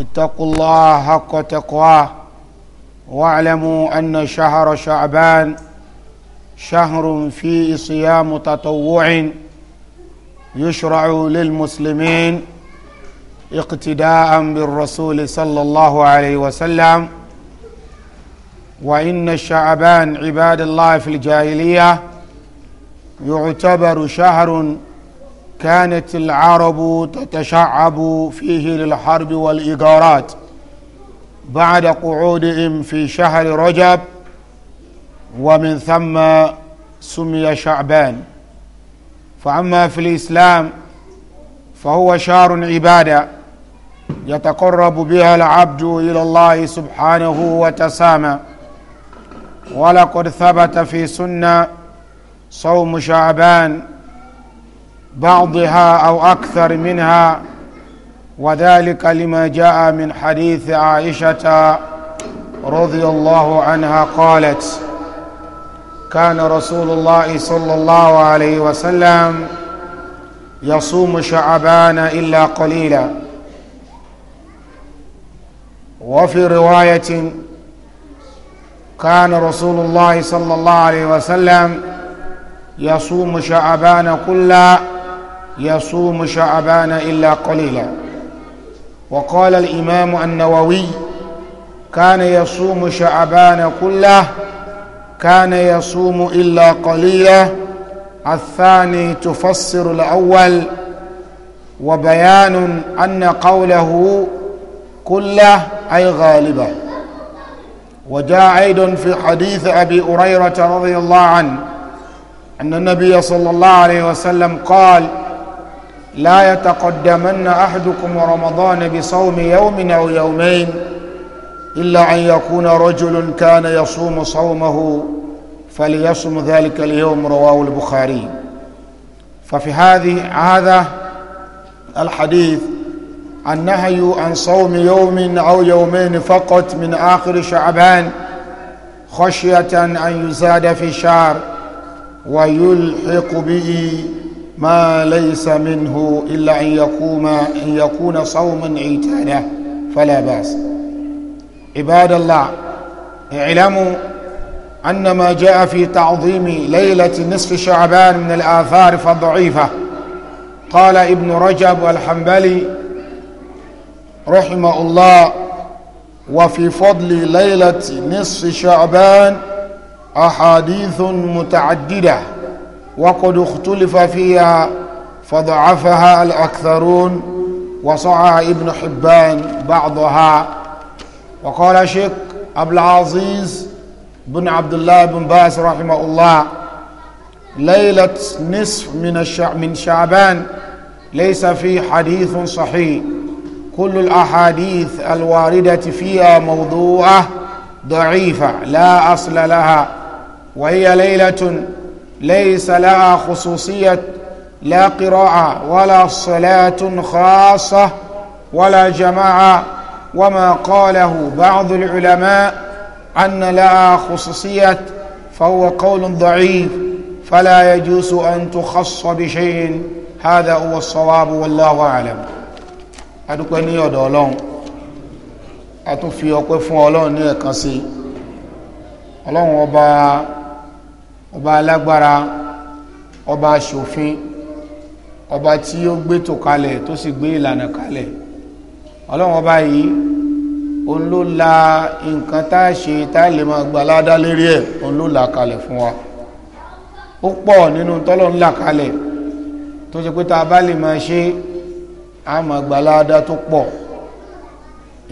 اتقوا الله حق تقواه واعلموا ان شهر شعبان شهر فيه صيام تطوع يشرع للمسلمين اقتداء بالرسول صلى الله عليه وسلم وان شعبان عباد الله في الجاهليه يعتبر شهر كانت العرب تتشعب فيه للحرب والإيجارات بعد قعودهم في شهر رجب ومن ثم سمي شعبان فأما في الإسلام فهو شهر عبادة يتقرب بها العبد إلى الله سبحانه وتسامى ولقد ثبت في سنة صوم شعبان بعضها أو أكثر منها وذلك لما جاء من حديث عائشة رضي الله عنها قالت كان رسول الله صلى الله عليه وسلم يصوم شعبان إلا قليلا وفي رواية كان رسول الله صلى الله عليه وسلم يصوم شعبان كلا يصوم شعبان إلا قليلا وقال الإمام النووي كان يصوم شعبان كله كان يصوم إلا قليلا الثاني تفسر الأول وبيان أن قوله كله أي غالبة وجاء عيد في حديث أبي هريرة رضي الله عنه أن النبي صلى الله عليه وسلم قال لا يتقدمن احدكم رمضان بصوم يوم او يومين الا ان يكون رجل كان يصوم صومه فليصم ذلك اليوم رواه البخاري ففي هذه هذا الحديث النهي عن صوم يوم او يومين فقط من اخر شعبان خشيه ان يزاد في شهر ويلحق به ما ليس منه إلا أن يقوم أن يكون صوما عتادا فلا بأس عباد الله اعلموا أن ما جاء في تعظيم ليلة نصف شعبان من الآثار فضعيفة قال ابن رجب والحنبلي رحمه الله وفي فضل ليلة نصف شعبان أحاديث متعددة وقد اختلف فيها فضعفها الأكثرون وصعى ابن حبان بعضها وقال شيخ أبو العزيز بن عبد الله بن باس رحمه الله ليلة نصف من من شعبان ليس في حديث صحيح كل الأحاديث الواردة فيها موضوعة ضعيفة لا أصل لها وهي ليلة ليس لها خصوصية لا قراءة ولا صلاة خاصة ولا جماعة وما قاله بعض العلماء أن لها خصوصية فهو قول ضعيف فلا يجوز أن تخص بشيء هذا هو الصواب والله أعلم adúpẹ́ ní ọ̀dọ̀ ọlọ́run a tún fi ọpẹ́ fún ọba alágbára ọba aṣòfin ọba tí ó gbé tò kalẹ̀ tó sì gbé ìlànà kalẹ̀ ọlọ́run ọba yìí òun ló la nǹkan tá a ṣe tá a lè máa gba aládá lérí ẹ̀ òun ló là kalẹ̀ fún wa ó pọ̀ nínú tọ́lọ́run là kalẹ̀ tó ṣe pé tá a bá lè máa ṣe a máa gba aládá tó pọ̀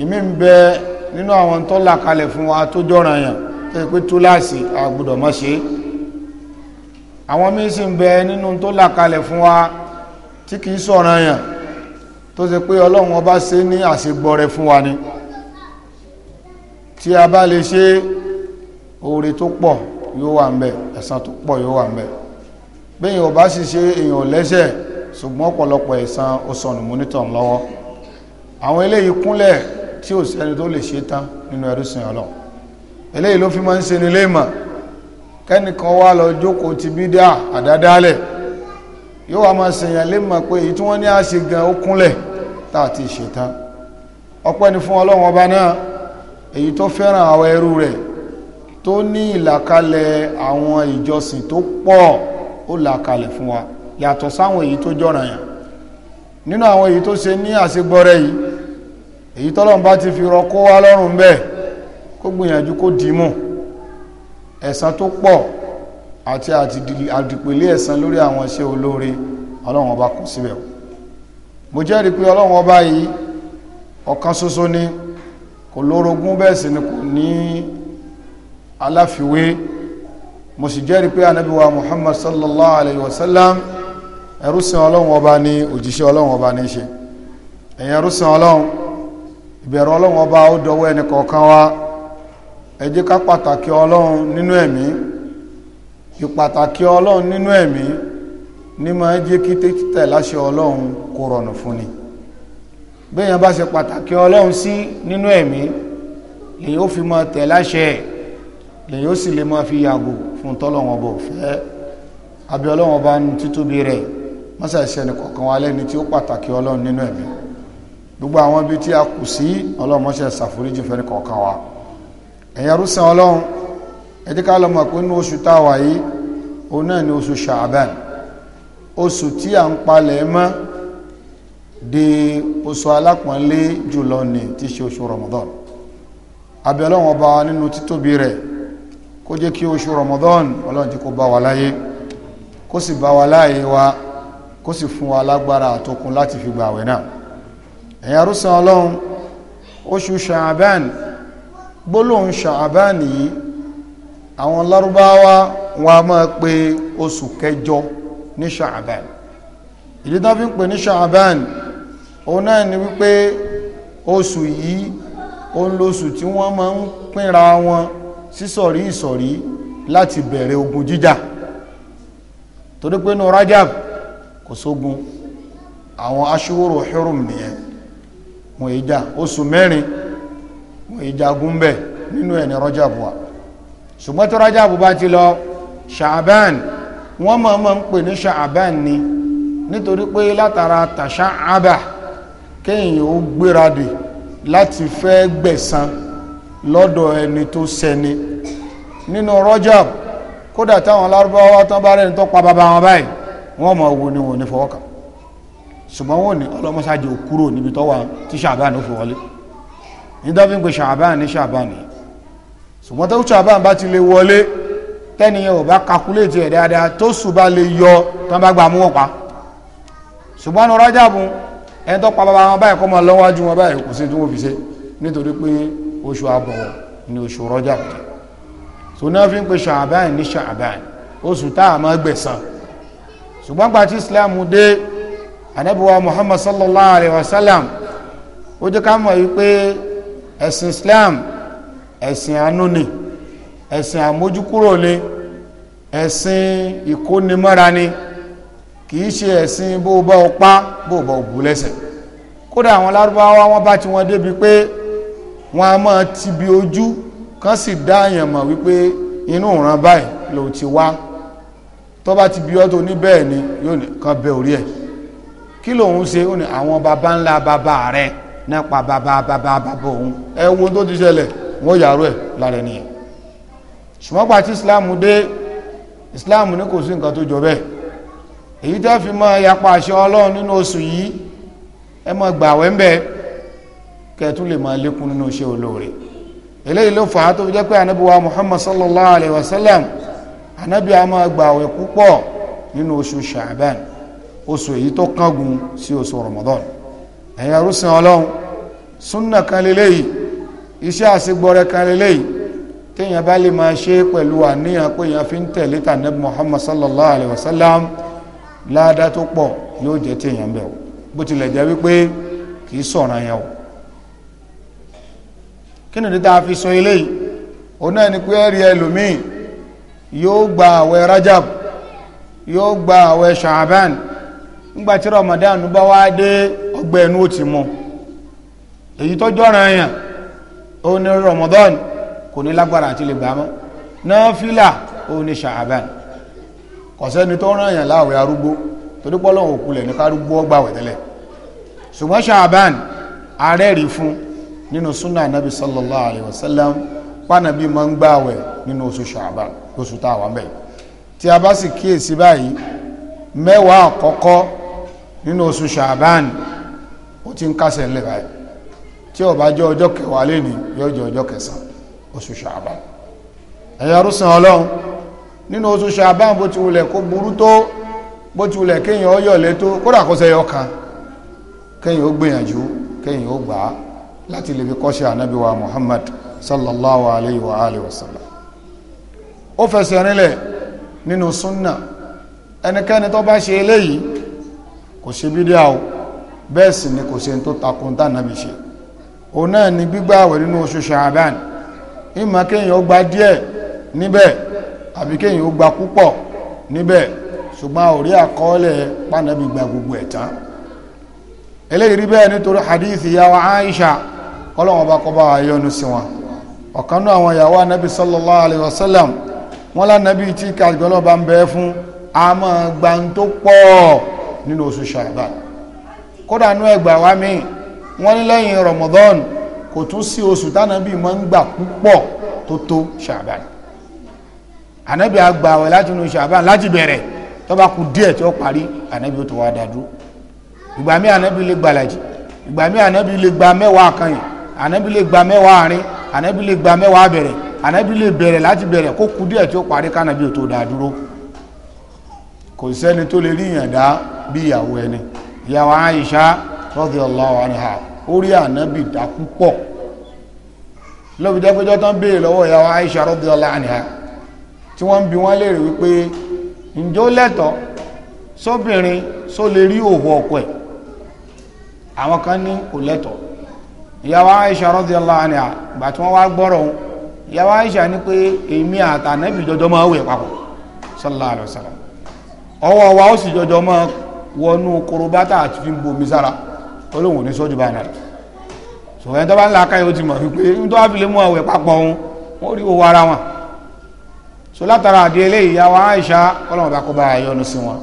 ìmí ń bẹ nínú àwọn tó là kalẹ̀ fún wa tó dọ̀ranyàn tó ṣe pé túláàsì a gbọ́dọ̀ ṣe é àwọn míín sì ń bẹ nínú tó là kalẹ̀ fún wa tí kìí sọ̀rọ̀ yàn tó ṣe pé ọlọ́run ọba ṣe ní àṣegbọrẹ fún wa ni tí a bá lè ṣe oore tó pọ̀ yóò wà ń bẹ ẹ̀san tó pọ̀ yóò wà ń bẹ bẹ́yìn ọba sì ṣe èèyàn lẹ́sẹ̀ ṣùgbọ́n ọ̀pọ̀lọpọ̀ ẹ̀san ó sọnù múnítọ̀ lọ́wọ́ àwọn eléyìí kúnlẹ̀ tí ò sẹ́ni tó lè ṣe tán nínú ẹrú sin ọlọ́ eléyìí ló fi máa ń ṣe nílé ìmọ̀ kẹ́nìkan wá lọ jókòó ti bídá àdádálẹ̀ yóò wá máa sèyàn lè mọ̀ pé èyí tí wọ́n ní á ṣe gan ó kúnlẹ̀ tá a ti ọpẹ́ ni fún ọlọ́run ọba náà èyí tó fẹ́ràn àwọn ẹrú rẹ̀ tó ní ìlàkalẹ̀ àwọn ìjọsìn tó pọ̀ ó làkalẹ̀ fún wa yàtọ̀ sáwọn èyí tó jọ̀ràn yàn nínú àwọn èyí tó ṣe ní àṣegbọ́rẹ́ yìí èyí tọ́lọ́run bá ti fi rọ kó wá lọ́rùn bẹ́ẹ̀ kó gbìyànjú kó dìímù ẹ̀san tó pọ̀ àti àdìpèlé ẹ̀san lórí àwọn iṣẹ́ olóore ọlọ́run ọba kò síbẹ̀ mo jẹ́rìí pé ọlọ́run ọba yìí ọ̀kan ṣoṣo ni kò lórogún bẹ́ẹ̀ sì ni kò ní aláfiwé mo sì jẹ́rìí pé ànábì wa muhammad sallallahu alayhi wa sallam ẹrúsìn ọlọ́run ọba ní òjíṣẹ́ ọlọ́run ọba ní ṣe ẹ̀yin ẹrúsìn ọlọ́run ìbẹ̀rù ọlọ́run ọba ó dọwọ́ ẹnì kọ̀ọ̀kan wa ẹ jẹ́ ká pàtàkì ọlọ́run nínú ẹ̀mí ìpàtàkì ọlọ́run nínú ẹ̀mí ní máa jẹ́ kí títẹ̀ láṣẹ ọlọ́run kò rọrùn fún ni béèyàn bá ṣe pàtàkì ọlọ́run sí nínú ẹ̀mí lèyìn ó fi máa tẹ̀ láṣẹ lèyìn ó sì lè máa fi yàgò fún tọ́lọ́run ọba òfẹ́ àbí ọlọ́run ọba ní títóbi rẹ̀ mọ́sàṣẹ́ ní kọ̀ọ̀kan wa lẹ́ni tí ó pàtàkì ọlọ́run nínú ẹ̀mí gbogbo àwọn ibi tí a kù sí ọlọ́run mọ́sẹ̀ ṣàforíjì fẹ́ni kọ̀ọ̀kan wa ẹ̀yà rúsàn ọlọ́run ẹ̀díkà lọ́mọ̀ pé inú oṣù táwà yìí òun náà ni oṣù ṣàbàn oṣù tí à ń palẹ̀ mọ́ di oṣù alápọ̀nlé jùlọ ní tí ṣe oṣù Ramadan abẹ́ ọlọ́run ọba nínú títóbi rẹ̀ kó jẹ́ kí oṣù Ramadan ọlọ́run ti kó bá wa láyé kó sì bá wa láàyè wa kó sì fún wa lágbára àtokun láti fi gbààwẹ̀ náà ẹ̀yà rúsàn ọlọ́run oṣù ṣàbàn gbólóhùn ṣàbáàní yìí àwọn lárúbáwá wọn a máa pe oṣù kẹjọ ní ṣàbáàn ìdí tó fi ń pè ní ṣàbáàn òun náà ni wípé oṣù yìí òun lóṣù tí wọ́n máa ń pínra wọn sísọ̀rí ìsọ̀rí láti bẹ̀rẹ̀ ogun jíjà torí pé ní Rajab kò sógun àwọn aṣíwòrò hurum nìyẹn wọn èjà oṣù mẹ́rin ìjagun bẹ̀ nínú ẹ̀ ní wa ṣùgbọ́n tó Rajab bá ti lọ Sha'ban wọ́n máa máa ń pè ní Sha'ban ni nítorí pé látara tasha'aba kéèyàn ó gbéradì láti fẹ́ gbẹ̀san lọ́dọ̀ ẹni tó ṣẹni nínú Rajab kódà táwọn lárúbáwá tán bá rẹni tó pa bàbá wọn báyìí wọ́n máa wo ni wọ́n ní fọwọ́ kàn ṣùgbọ́n wọ́n ní ọlọ́mọṣáájú kúrò níbi tó wà tí Sha'ban ó fi wọlé nígbà fi ń pe ṣàbáà ní ṣàbáà ní ṣùgbọ́n tó ṣàbáà bá ti lè wọlé tẹ́niyàn ò bá kakuléètì ẹ̀ dáadáa tó sùn bá lè yọ tó ń bá gbà mú wọn pa ṣùgbọ́n ní Rájàbù ẹni tó pa bàbá wọn báyìí kọ́ máa lọ́wọ́jú wọn báyìí kò sí tí wọ́n fi ṣe nítorí pé oṣù àbọ̀wọ̀ ni oṣù Rájàbù tó náà fi ń pe ṣàbáà ní ṣàbáà oṣù tá a máa gbẹ̀san ṣùgbọ́n gbà Islam Muhammad sallallahu alayhi wa sallam ó jẹ́ ká mọ̀ wípé ẹ̀sìn Islam ẹ̀sìn anoni, ẹ̀sìn àmójúkúrò le ẹ̀sìn ìkónimọ́ra ni kìí ṣe ẹ̀sìn bó bá ọpá bó bá òbú lẹ́sẹ̀ kódà àwọn lárúbáwá wọn bá ti wọn débi pé wọn a máa ti bi ojú kan sì dá àyàn mọ̀ wípé inú ìran báyìí ló ti wá tó bá ti bi ọ́ tó ní bẹ́ẹ̀ ni yóò kan bẹ orí ẹ̀ kí lòun ṣe ó ní àwọn baba ńlá baba rẹ̀ nípa bàbá bàbá bàbá òun ẹ wo tó ti ṣẹlẹ̀ wọ́n yàrá ẹ̀ lára ẹni yẹn ṣùgbọ́n gbà tí islam dé islam ní kò sí nǹkan tó jọ bẹ́ẹ̀ èyí tẹ́ fi mọ yapa àṣẹ ọlọ́run nínú oṣù yìí ẹ mọ gbà wẹ́ ń bẹ kẹtún lè máa lékún nínú iṣẹ́ olóore eléyìí ló fà á tó fi jẹ́ pé ànábì muhammad sallallahu alayhi wa sallam ànábì a máa gbà wẹ́ púpọ̀ nínú oṣù sha'ban oṣù èyí tó kángun sí oṣù ramadan ẹ̀yin arúsìn ọlọ́run súnà kan lélẹ́yìí iṣẹ́ àṣegbọrẹ kan lélẹ́yìí téèyàn bá lè máa ṣe pẹ̀lú àníyàn pé èèyàn fi ń tẹ̀lé tànẹ́bù Muhammad sallallahu alayhi wa sallam láàdá tó pọ̀ yóò jẹ́ téèyàn bẹ̀ o bó tilẹ̀ jẹ́ wípé kì í sọ̀ràn yẹn o kí nìdí tá a fi sọ eléyìí òun náà ni pé ẹ̀rí ẹlòmíì yóò gba àwẹ̀ Rajab yóò gba àwẹ̀ Sha'ban ńgbà tí Ramadan bá wá dé ọgbẹ́ ẹnu ó ti mú èyí tó jọ́ra yàn ó ní Ramadan kò ní lágbára àti lè gbàmọ́ náfìlà ó ní Sha'aban kọ̀sẹ́ni tó ràn yàn láwẹ̀ arúgbó torí pọ́lọ́hùn òkulẹ̀ ní kárúgbó ọgbà wẹ̀tẹ́lẹ̀ ṣùgbọ́n Sha'aban arẹ́rìí fún nínú súnà nàbí sallallahu alayhi wa sallam pánàbí máa ń gbààwẹ̀ nínú oṣù Sha'aban lóṣù táwa ń bẹ̀ tí a bá sì kíyèsí báyìí mẹ́wàá àkọ́kọ́ nínú oṣù Sha'aban ó ti ń kásẹ̀ ńlẹ̀ báyìí tí ó bá jẹ́ ọjọ́ kẹwàá lẹ́ni yóò jẹ́ ọjọ́ kẹsàn-án oṣù ṣàbá ẹ̀yà rúsàn ọlọ́run nínú oṣù ṣàbá bó ti wulẹ̀ kó burú tó bó ti wulẹ̀ kéèyàn ọyọ̀lẹ́ tó kódà kó sẹ́yọ kan kéèyàn ó gbìyànjú kéèyàn ó gbà á láti lè fi kọ́ṣẹ́ ànábì wa Muhammad sallallahu alayhi wa alayhi wa sallam ó fẹsẹ̀ rinlẹ̀ nínú súnnà ẹnikẹ́ni tó bá ṣe eléyìí kò ṣe bídíà o bẹ́ẹ̀ sì ni kò se tó takun tá nàbì ṣe òun náà ni gbígbààwẹ̀ nínú oṣù ṣàbán ìmọ̀ kéèyàn ó gba díẹ̀ níbẹ̀ àbí kéèyàn ó gba púpọ̀ níbẹ̀ ṣùgbọ́n àwòrí àkọọ́lẹ̀ pànàbì gba gbogbo ẹ̀ tán eléyìí rí bẹ́ẹ̀ nítorí hadith ìyàwó Aisha ọlọ́wọ́n bá kọ́ bá wa yọ́nú sí wọn ọ̀kan náà àwọn ìyàwó anabi sallallahu alayhi wa sallam wọn lánàbí tí kàgbọ́lọ́ bá ń bẹ fún a máa pọ̀ nínú oṣù ṣàbán kódà nú ẹgbà wa mi wọ́n ní lẹ́yìn Ramadan kò tún sí oṣù tánàbí máa ń gbà púpọ̀ tó tó ṣàbàn ànábì àgbà wẹ̀ láti inú ṣàbàn láti bẹ̀rẹ̀ tó bá kù díẹ̀ tí ó parí ànábì ó tó wá dájú ìgbà mi ànábì lè gbàlàjì ìgbà mi ànábì lè gba mẹ́wàá kan yìí ànábì lè gba mẹ́wàá àárín ànábì lè gba mẹ́wàá bẹ̀rẹ̀ ànábì lè bẹ̀rẹ̀ láti bẹ̀rẹ̀ kó kù díẹ̀ tí ó parí kánàbí ó tó dá kò sẹ́ni tó lè rí ìyàndá bí ìyàwó ẹni ìyàwó Aisha radiyallahu anha orí ànábì dá púpọ̀ lọ́bi jẹ́pẹ́jọ́ tán béèrè lọ́wọ́ ìyàwó Aisha radiyallahu anha tí wọ́n ń bi wọ́n léèrè wípé ǹjọ́ lẹ́tọ̀ sóbìnrin só lè rí òhù ọkọ ẹ̀ àwọn kan ní kò lẹ́tọ̀ ìyàwó Aisha radiyallahu anha gbà tí wọ́n wá gbọ́rọ̀ òun ìyàwó Aisha ní pé èmi àtànẹ́bì jọjọ́ máa wẹ̀ papọ̀ sallallahu alaihi ọwọ́ wa ó sì jọjọ́ máa wọnú korobátà àti fi ń bomi sára olóhùn ní sọ́jú báyìí náà so ẹni tó bá ń la káyọ̀ ti mọ̀ wípé ní tó bá fi lè mú àwẹ̀ papọ̀ òun wọ́n rí owó ara wọn so látara àdé eléyìí ya wa Aisha ọlọ́run bá kọ́ bá yọnu sí wọn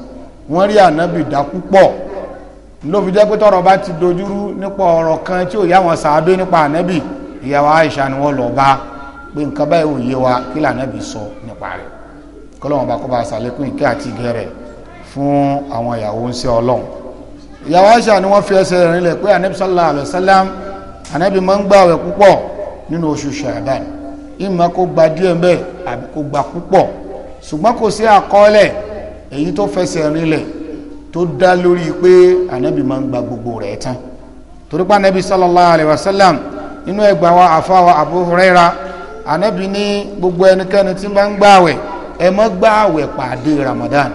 wọ́n rí ànábì dá púpọ̀ ló fi jẹ́ pé tọrọ bá ti dojúrú nípa ọ̀rọ̀ kan tí ò yá wọn sàádó nípa ànábì ìyá wa Aisha ni wọ́n lọ bá pé nǹkan báyìí ò yé wa kí lànábì sọ nípa rẹ̀ kọ́lọ́run bá bá sàlékún ìkẹ́ àti ìgẹ́ fún àwọn ìyàwó ń ṣe ọlọ́run ìyàwó Aisha ni wọ́n fi ẹsẹ̀ rinlẹ̀ pé anabi sallallahu sallam anabi máa ń gbààwẹ̀ púpọ̀ nínú oṣù Ṣàbán ìmọ̀ kó gba díẹ̀ ń bẹ̀ àbí kó gba púpọ̀ ṣùgbọ́n kò sí àkọọ́lẹ̀ èyí tó fẹsẹ̀ rinlẹ̀ tó dá lórí pé anabi máa ń gba gbogbo rẹ̀ tán torí pé anabi sallallahu alayhi wa sallam nínú ẹgbàá wa àfáwa Abu Huraira anabi ní gbogbo ẹnikẹ́ni tí máa ń gbààwẹ̀ ẹ má gbààwẹ̀ pàdé Ramadan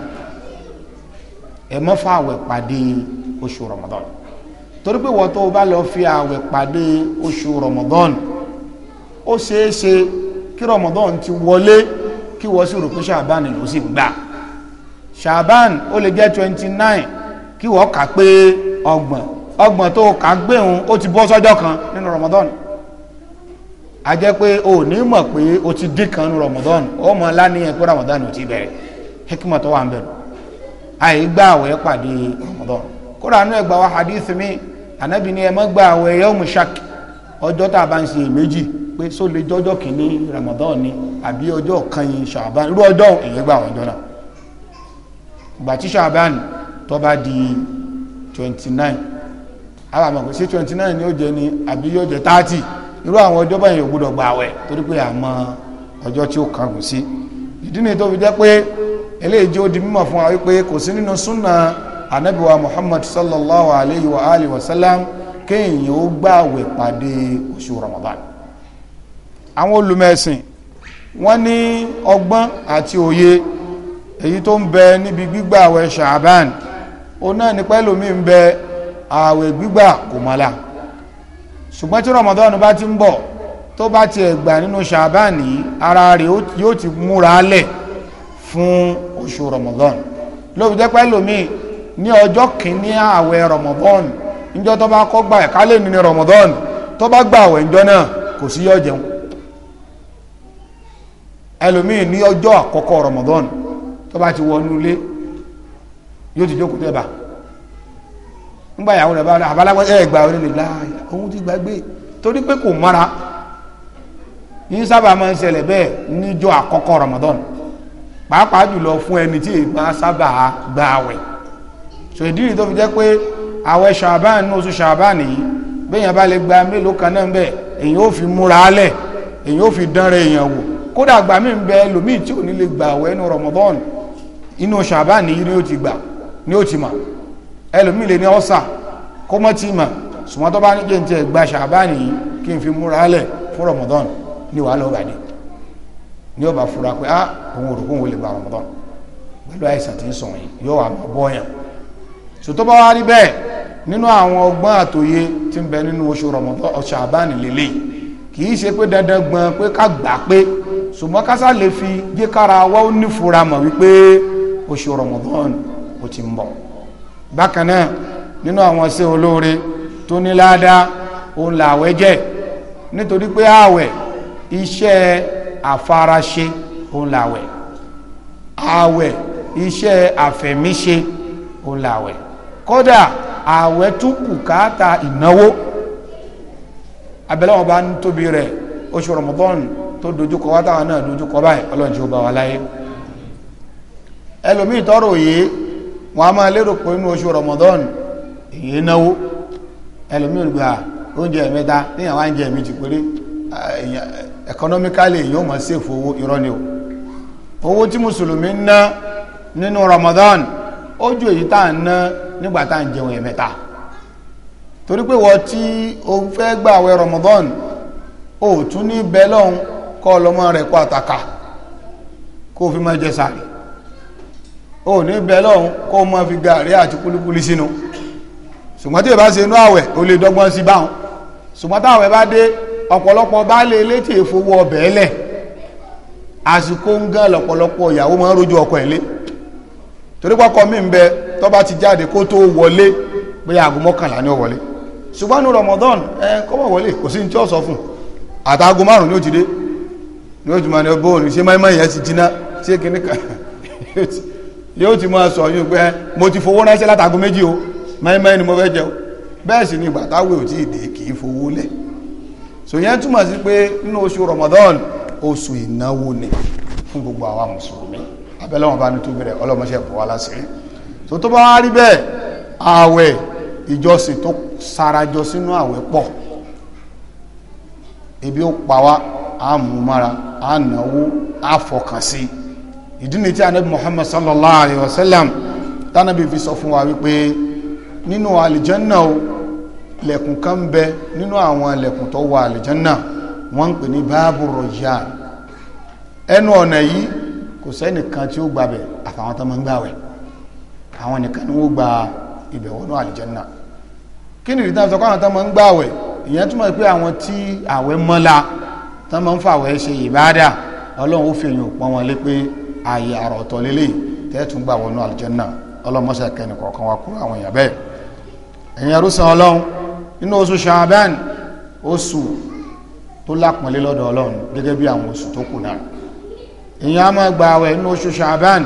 ẹ má fa àwẹ̀ pàdé oṣù Ramadan torí pé wọ́n tó o bá lọ fi àwẹ̀ pàdé oṣù Ramadan ó ṣeé ṣe kí Ramadan ti wọlé kí wọ́n sì rò pé ṣàbán ló sì gbà ṣàbán ó lè jẹ́ twenty nine kí wọ́n kà pé ọgbọ̀n ọgbọ̀n tó kà ń gbéhùn ó ti bọ́ sọ́jọ́ kan nínú Ramadan a jẹ́ pé o ní mọ̀ pé o ti dín kan nínú Ramadan ó mọ̀ láníyàn pé Ramadan ò ti bẹ̀rẹ̀ hekima tó wà ń bẹ̀rẹ̀ àìgbà àwẹ̀ pàdé Ramadan kódà nínú ẹgbà wa hadith mi ànábì ni ẹ má gba àwẹ̀ yawmu shak ọjọ tá a bá ń ṣe so pé só lè jọ́jọ́ kìíní Ramadan ni àbí ọjọ kan yìí Sha'ban irú ọjọ ìyẹn gbà ọjọ́ náà ìgbà tí Sha'ban di twenty nine àwọn àmọ̀ twenty nine ni ó jẹ ni àbí yóò jẹ thirty irú àwọn báyìí ò gbà torí pé tí ó kàn kù sí ìdí tó fi pé eléyìí jẹ́ ó di mímọ̀ fún wa wípé kò sí nínú súnà anabiwa muhammad sallallahu alayhi wa alihi wa sallam kéèyàn ó gbààwẹ̀ pàdé oṣù ramadan àwọn olùmẹ̀sìn wọ́n ní ọgbọ́n àti òye èyí tó ń bẹ níbi gbígbààwẹ̀ ṣàbán ó náà ní pẹ́lòmí ń bẹ ààwẹ̀ gbígbà kò mọ́lá ṣùgbọ́n tí ramadan bá ti ń bọ̀ tó bá ti ẹ̀gbà nínú ṣàbán yìí ara rẹ̀ yóò ti múra lẹ̀ fún oṣù Ramadan lóbi jẹ́ pẹ́ lómi ní ọjọ́ kìíní àwẹ̀ Ramadan níjọ́ tó bá kọ́ gbà ẹ̀ kálẹ̀ ní Ramadan tó bá gbà àwẹ̀ níjọ́ náà kò sí yọ jẹun ẹlòmí ní ọjọ́ àkọ́kọ́ Ramadan tó bá ti wọnú ilé yóò ti jókòó tẹ́bà nígbà ìyàwó rẹ̀ bá rẹ̀ àbálágbé ẹ̀ gbà orí nìlá òun ti gbàgbé torí pé kò mọ́ra yín sábà máa ń ṣẹlẹ̀ bẹ́ẹ̀ níjọ́ àkọ́kọ́ Ramadan pàápàá jùlọ fún ẹni tí ìgbà sábà gba àwẹ̀ so ìdí rí tó fi jẹ́ pé àwẹ̀ ṣàbáàn ní oṣù ṣàbáàn yìí béèyàn bá lè gba mélòó kan náà bẹ́ẹ̀ èyàn ò fi múra alẹ̀ èyàn ò fi dánra èyàn wò kódà àgbà mi bẹ ẹlòmíì tí ò ní lè gba àwẹ̀ inú Ramadan inú ṣàbáàn yìí ni ó ti gbà ni ó ti mọ̀ ẹlòmíì lè ní ọ̀sà kó mọ́ ti mọ̀ ṣùgbọ́n tó bá ní kí n gba ṣàbáàn yìí kí n fi múra alẹ̀ fún Ramadan ni wàá lọ́ọ́ bàdé ni ó bá fura pé ah òun òrùkún wo gba Ramadan pẹ̀lú àìsàn tí ń sọ yìí yóò wà bọ́ bọ́yàn sòtọ́ bá wá rí bẹ́ẹ̀ nínú àwọn ọgbọ́n àtòye tí ń bẹ nínú oṣù Ramadan oṣù àbáni lélẹ̀ kì í ṣe pé dandan gbọ́n pé ká gbà pé ṣùgbọ́n kásá fi jẹ́ kára wá ó nífura mọ̀ wípé Ramadan ó ti ń bọ̀ bákan náà nínú àwọn ṣe olóore tó ní ládàá òun làwẹ̀ jẹ́ nítorí pé àwẹ̀ iṣẹ́ àfaraṣe òun làwẹ̀ àwẹ̀ iṣẹ́ àfẹ̀míṣe òun làwẹ̀ kódà àwẹ̀ tún bùkátà ìnáwó abẹ́lẹ́wọ̀n bá ń tóbi rẹ̀ oṣù Ramadan tó dojúkọ wá náà dojúkọ báyìí ọlọ́run jẹ́ ó bá wa láyé ẹlòmíì tọrọ òye wọn a máa lérò pé inú oṣù Ramadan èyí náwó ẹlòmíì gbà oúnjẹ mẹ́ta níyàwó oúnjẹ mi ti péré economically yóò máa ṣèfowó irọ́ o. owó tí mùsùlùmí ń ná nínú Ramadan ó ju èyí tá à ń ná nígbà tá à ń jẹun ẹ̀mẹ́ta torí pé wọ́n tí o fẹ́ gbà wẹ̀ Ramadan o tún ní bẹ́lọ́hún kọ́ ọlọ́mọ rẹ̀ kó àtàkà kó fi máa jẹ sàrì ó ní bẹ́lọ́hún kó máa fi gàrí àti kúlíkúlí sínú ṣùgbọ́n tí ìbá ṣe inú àwẹ̀ ó lè dọ́gbọ́n sí báwọn ṣùgbọ́n táwọn ẹ bá dé ọ̀pọ̀lọpọ̀ bá lè létí ìfowó ọbẹ̀ ẹlẹ̀ àsìkò ń gán lọ́pọ̀lọpọ̀ ìyàwó máa ń rojú ọkọ ẹ̀ torí pọ́kọ mi ń bẹ tó bá ti jáde kó tó wọlé pé aago mọ́kànlá ni ó wọlé ṣùgbọ́n ní Ramadan ẹ kọ́ wọlé kò sí ní tí ó sọ fún àtàgò márùn ni ó ti dé ní ṣé yẹn ti jiná ṣé kan yóò ti máa sọ yín pé mo ti fowó ránṣẹ́ méjì o máìmáì ni mo fẹ́ jẹun bẹ́ẹ̀ sì ni ìgbà táwé ò tí ì dé kì í fowó lẹ̀ sòyẹn túmọ̀ sí pé nínú oṣù Ramadan oṣù ìnáwó ni fún gbogbo àwa mùsùlùmí abẹ́lẹ́wọ̀n bá ní tó bẹ̀rẹ̀ ọlọ́mọṣẹ́ bọ̀ wá lásìrí tó tó bá wá rí bẹ́ẹ̀ ààwẹ̀ ìjọsìn tó sarajọ sínú ààwẹ̀ pọ̀ ebi ó pa wá àmúmára ànáwó àfọkànsí ìdí ni tí anabi Muhammad sallallahu alayhi wa sallam tánàbí fi sọ fún wa wípé nínú àlìjánná o lẹ̀kùn kan bẹ nínú àwọn lẹ̀kùn tó wà àlìjánná wọ́n ń pè ní báàbù rọ̀jà ẹnu ọ̀nà yìí kò sẹ́nìkan tí ó gbàbẹ̀ àtàwọn tó máa ń gbàwẹ̀ àwọn nìkan ni wọ́n gba ìbẹ̀wọ̀nú àlìjẹ́nà kí ni ìdíta sọ́kọ́ àwọn tó máa ń gbàwẹ̀ ìyẹn túmọ̀ pé àwọn tí àwẹ̀ mọ́la tó máa ń fàwẹ̀ ṣe ìbáadà ọlọ́run ó fi èèyàn pọ́n wọn lé pé ààyè àrọ̀ ọ̀tọ̀ lélẹ̀ tẹ́ẹ̀tún gbà wọnú àlìjẹ́nà ọlọ́mọṣẹ́ kẹ́ni kọ̀ọ̀kan wa kúrò àwọn èèyàn bẹ́ẹ̀ ẹ̀yin ẹrú san ọlọ́run tó lápọ̀nlé lọ́dọ̀ ọlọ́run gẹ́gẹ́ bí àwọn oṣù tó kù náà èyàn á máa gba àwẹ̀ nínú oṣù ṣàbán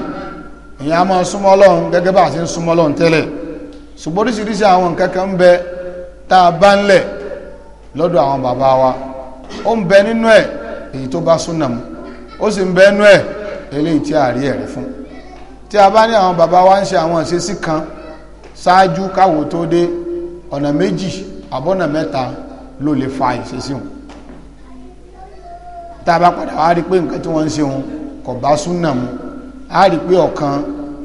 èyàn á máa súnmọ́ ọlọ́run gẹ́gẹ́ bá a ti ń súnmọ́ ọlọ́run tẹ́lẹ̀ ṣùgbọ́n oríṣiríṣi àwọn nǹkan kan ń bẹ tá a bá ń lẹ̀ lọ́dọ̀ àwọn bàbá wa ó ń bẹ nínú ẹ̀ èyí tó bá súnà mu ó sì ń bẹ nínú ẹ̀ eléyìí tí a rí ẹ̀rí fún tí a bá ní àwọn bàbá wa ń ṣe àwọn ìṣesí kan ṣáájú káwo tó dé ọ̀nà méjì àbọ̀nà mẹ́ta ló lè fa ìṣesí wọn tá a bá padà wá rí pé nǹkan tí wọ́n ń ṣe wọn kò bá súnà mu a rí pé ọ̀kan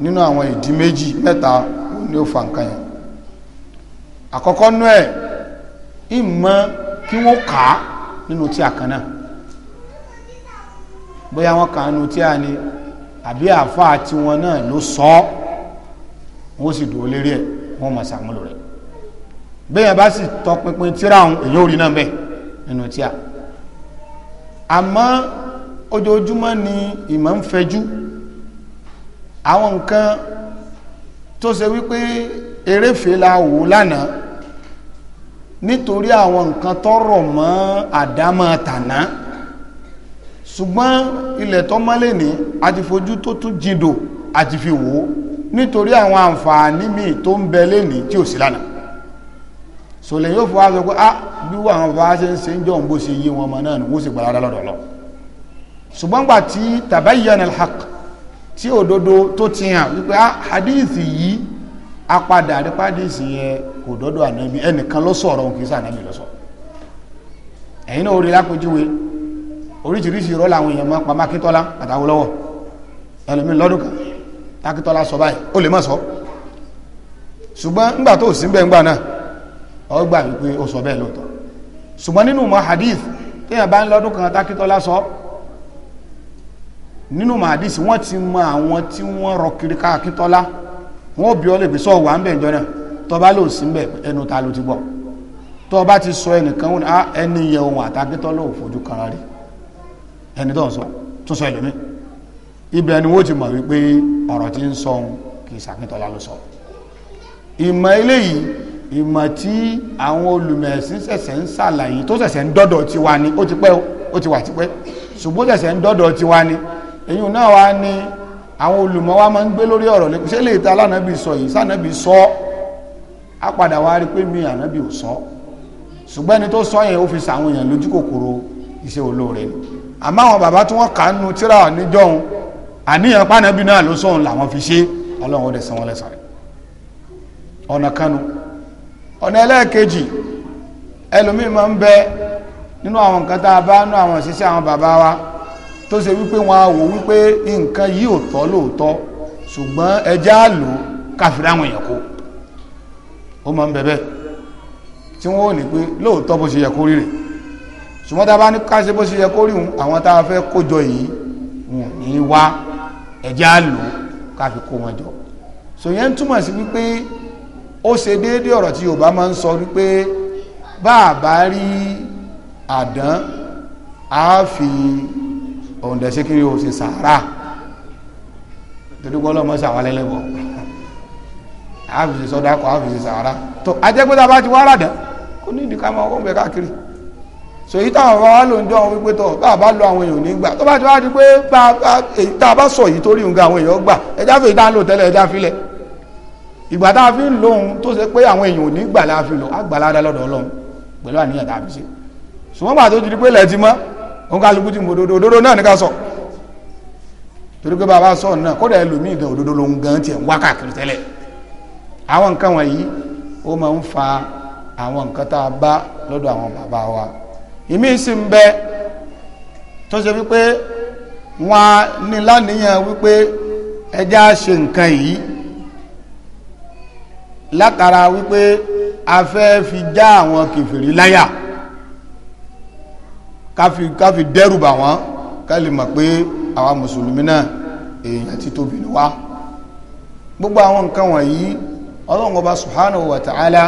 nínú àwọn ìdí méjì mẹ́ta òun ni ó fa nǹkan yẹn àkọ́kọ́ nú ẹ̀ ìmọ̀ kí wọ́n kà á nínú tí a kan náà bóyá wọ́n kà á nínú tí a ní àbí àáfàá tiwọn náà ló sọ ọ́ wọ́n sì dúró lérí ẹ̀ wọ́n mọ̀ sàmúlò rẹ̀ bẹ́ẹ̀ bá sì tọpinpin tíra òun èyí ò rí náà bẹ́ẹ̀ nínú tí a àmọ́ ojoojúmọ́ ni ìmọ̀ ń fẹjú àwọn nǹkan tó ṣe wípé eréfèé la wò lánàá nítorí àwọn nǹkan tọrọ mọ́ àdámọ́ tàná ṣùgbọ́n ilẹ̀ tó mọ́lé ní àti fojú tó tún jìndò àti fi wò nítorí àwọn àǹfààní míì tó ń bẹ lẹ́nìí tí ò sí lánàá sòlè yóò fọwọ́ sọ pé ah bí wọ́n àwọn bàbá ṣe ń ṣe ń jọ òun bó ṣe yé wọn ọmọ náà ni wọ́n sì gbàlá lọ́dọ̀ lọ ṣùgbọ́n gbà tí tabayyana al-haq tí òdodo tó ti hàn wípé ah hadithi yìí apadà àrípa hadithi yẹn kò dọ́dọ̀ ànábi ẹnìkan ló sọ̀rọ̀ òun kì í sọ ànábi ló sọ ẹ̀yin náà orí lápẹjúwe oríṣiríṣi irọ́ làwọn èèyàn máa pa mákítọ́lá àtàwọn lọ́wọ́ ẹlòmíín lọ́dún kan mákítọ́lá ọ gbà wípé ó sọ bẹ́ẹ̀ lóòótọ́ ṣùgbọ́n nínú mọ́ hadith téèyàn bá ń lọ́dún kan tákítọ́lá sọ nínú mọ́ hadith wọ́n ti mọ àwọn tí wọ́n rọ kiri káàkítọ́lá wọ́n ò bí ọ lè gbé sọ wà ń bẹ̀ jọ náà tọba lò sí ń bẹ̀ ẹnu ta ló ti gbọ́ tọba ti sọ ẹnìkan wọn ah, ẹni yẹ ohun àtàkítọ́lá ò fojú kan rárẹ̀ ẹni tó ń sọ tún sọ ẹlòmí ibẹ̀ ni wọ́n ti mọ̀ wípé ọ̀rọ̀ tí ń sọ kì í sàkíntọ́lá ló sọ ìmọ̀ eléyìí ìmọ̀ tí àwọn olùmẹ̀sìn ṣẹ̀ṣẹ̀ ń ṣàlàyé tó ṣẹ̀ṣẹ̀ ń dọ́dọ̀ tiwa ni ó ti pẹ́ ó ti wà tipẹ́ ṣùgbọ́n ṣẹ̀ṣẹ̀ ń dọ́dọ̀ tiwa ni èyí náà wá ní àwọn olùmọ̀ wa máa ń gbé lórí ọ̀rọ̀ lẹ́kùn ṣé lè ta alánàbì sọ yìí sànàbì sọ á padà wá rí pé mi ànàbì ò sọ ṣùgbọ́n ẹni tó sọ yẹn ó fi sàwọn èèyàn lójú kòkòrò iṣẹ́ olóore ni àmọ́ àwọn bàbá tí wọ́n kà ń nu tíra níjọ́hun àníyàn pànàbì náà ló sọ̀hún làwọn fi ṣe ọlọ́run ó dẹ̀ sanwó lẹ́sàn-án ọ̀nà kanu ọ̀nà ẹlẹ́ẹ̀kejì ẹlòmíì máa ń bẹ nínú àwọn nǹkan tá a bá nú àwọn ìṣiṣẹ́ àwọn bàbá wa tó ṣe wípé wọn á wò wípé nǹkan yìí ò tọ́ lóòótọ́ ṣùgbọ́n ẹja lò káfíńdà àwọn èèyàn kó ó máa ń bẹ bẹ́ẹ̀ tí wọ́n ò ní pé lóòótọ́ bó ṣe yẹ kó rí rè ṣùgbọ́n tá a bá ní ká ṣe bó ṣe yẹ kó rí òun àwọn tá a fẹ́ kó jọ yìí wọn ní wá ẹja lò káfí kó wọn jọ ó ṣe déédé ọ̀rọ̀ tí Yorùbá máa ń sọ wípé bá a bá rí àdán a fi ọ̀ǹdẹ̀ ṣe kí o ṣe sàárà torí pé ọlọ́mọ ṣàwálẹ́ lẹ́bọ̀ a fi ṣe sọ́dá kọ́ a fi sàárà tó ajẹ́gbẹ́ta bá ti wá ràdán kò ní ìdí ká máa wọ́n bẹ káàkiri so èyí táwọn bá wá lò ń dán àwọn wípé tọ bá a bá lo àwọn èèyàn nígbà tó bá ti wá di pé bá èyí tá a bá sọ yìí torí nǹkan àwọn èèyàn gbà ẹja fi ìdánilò tẹ́lẹ̀ ẹja filẹ̀ ìgbà tá a fi ń lóhun tó ṣe pé àwọn èèyàn ò ní gbà la fi lò á gbà ládàá lọ́dọ̀ ọlọ́run pẹ̀lú àníyàn tá a fi ṣe ṣùgbọ́n bàtó ti di pé lẹ́ẹ̀tì mọ́ òun kálukú ti mọ òdodo òdodo náà ní ká sọ torí pé bàbá sọ náà kódà ẹlòmíì gan òdodo lòun gan tiẹ̀ ń wá káàkiri tẹ́lẹ̀ àwọn nǹkan wọ̀nyí ó máa ń fa àwọn nǹkan tá a bá lọ́dọ̀ àwọn bàbá wa ìmí sì ń bẹ tó ṣe wípé wọn ní wípé ẹjẹ́ á ṣe nǹkan yìí látara wípé a fẹ́ fi já àwọn kìfìrí láyà káfi káfi dẹ́rùbà wọn ká lè mọ̀ pé àwa mùsùlùmí náà èèyàn ti tóbi ní wá gbogbo àwọn nǹkan wọ̀nyí ọlọ́run ọba subhanahu wa ta'ala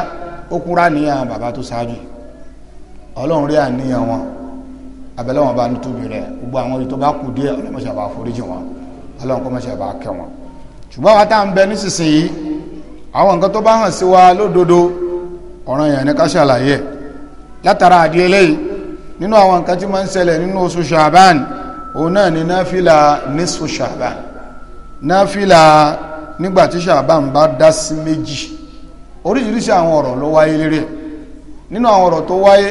ó kúrá ní àwọn bàbá tó ṣáájú ọlọ́run rí àníyàn wọn abẹ́lẹ́wọ̀n bá ní tóbi rẹ̀ gbogbo àwọn ètò bá kù díẹ̀ ọlọ́mọṣẹ́ bá foríjì wọn ọlọ́run kọ́mọṣẹ́ bá kẹ́ wọn ṣùgbọ́n wa tá ń bẹ nísinsìnyí àwọn nǹkan tó bá hàn sí wa lódodo ọ̀ràn yẹn ni ká ṣàlàyé látara àdìẹ lẹ́yìn nínú àwọn nǹkan tí máa ń ṣẹlẹ̀ nínú oṣù ṣàbán òun náà ni náfìlà nísù ṣàbán náfìlà nígbà tí ṣàbán bá dá sí méjì oríṣiríṣi àwọn ọ̀rọ̀ ló wáyé lérí ẹ̀ nínú àwọn ọ̀rọ̀ tó wáyé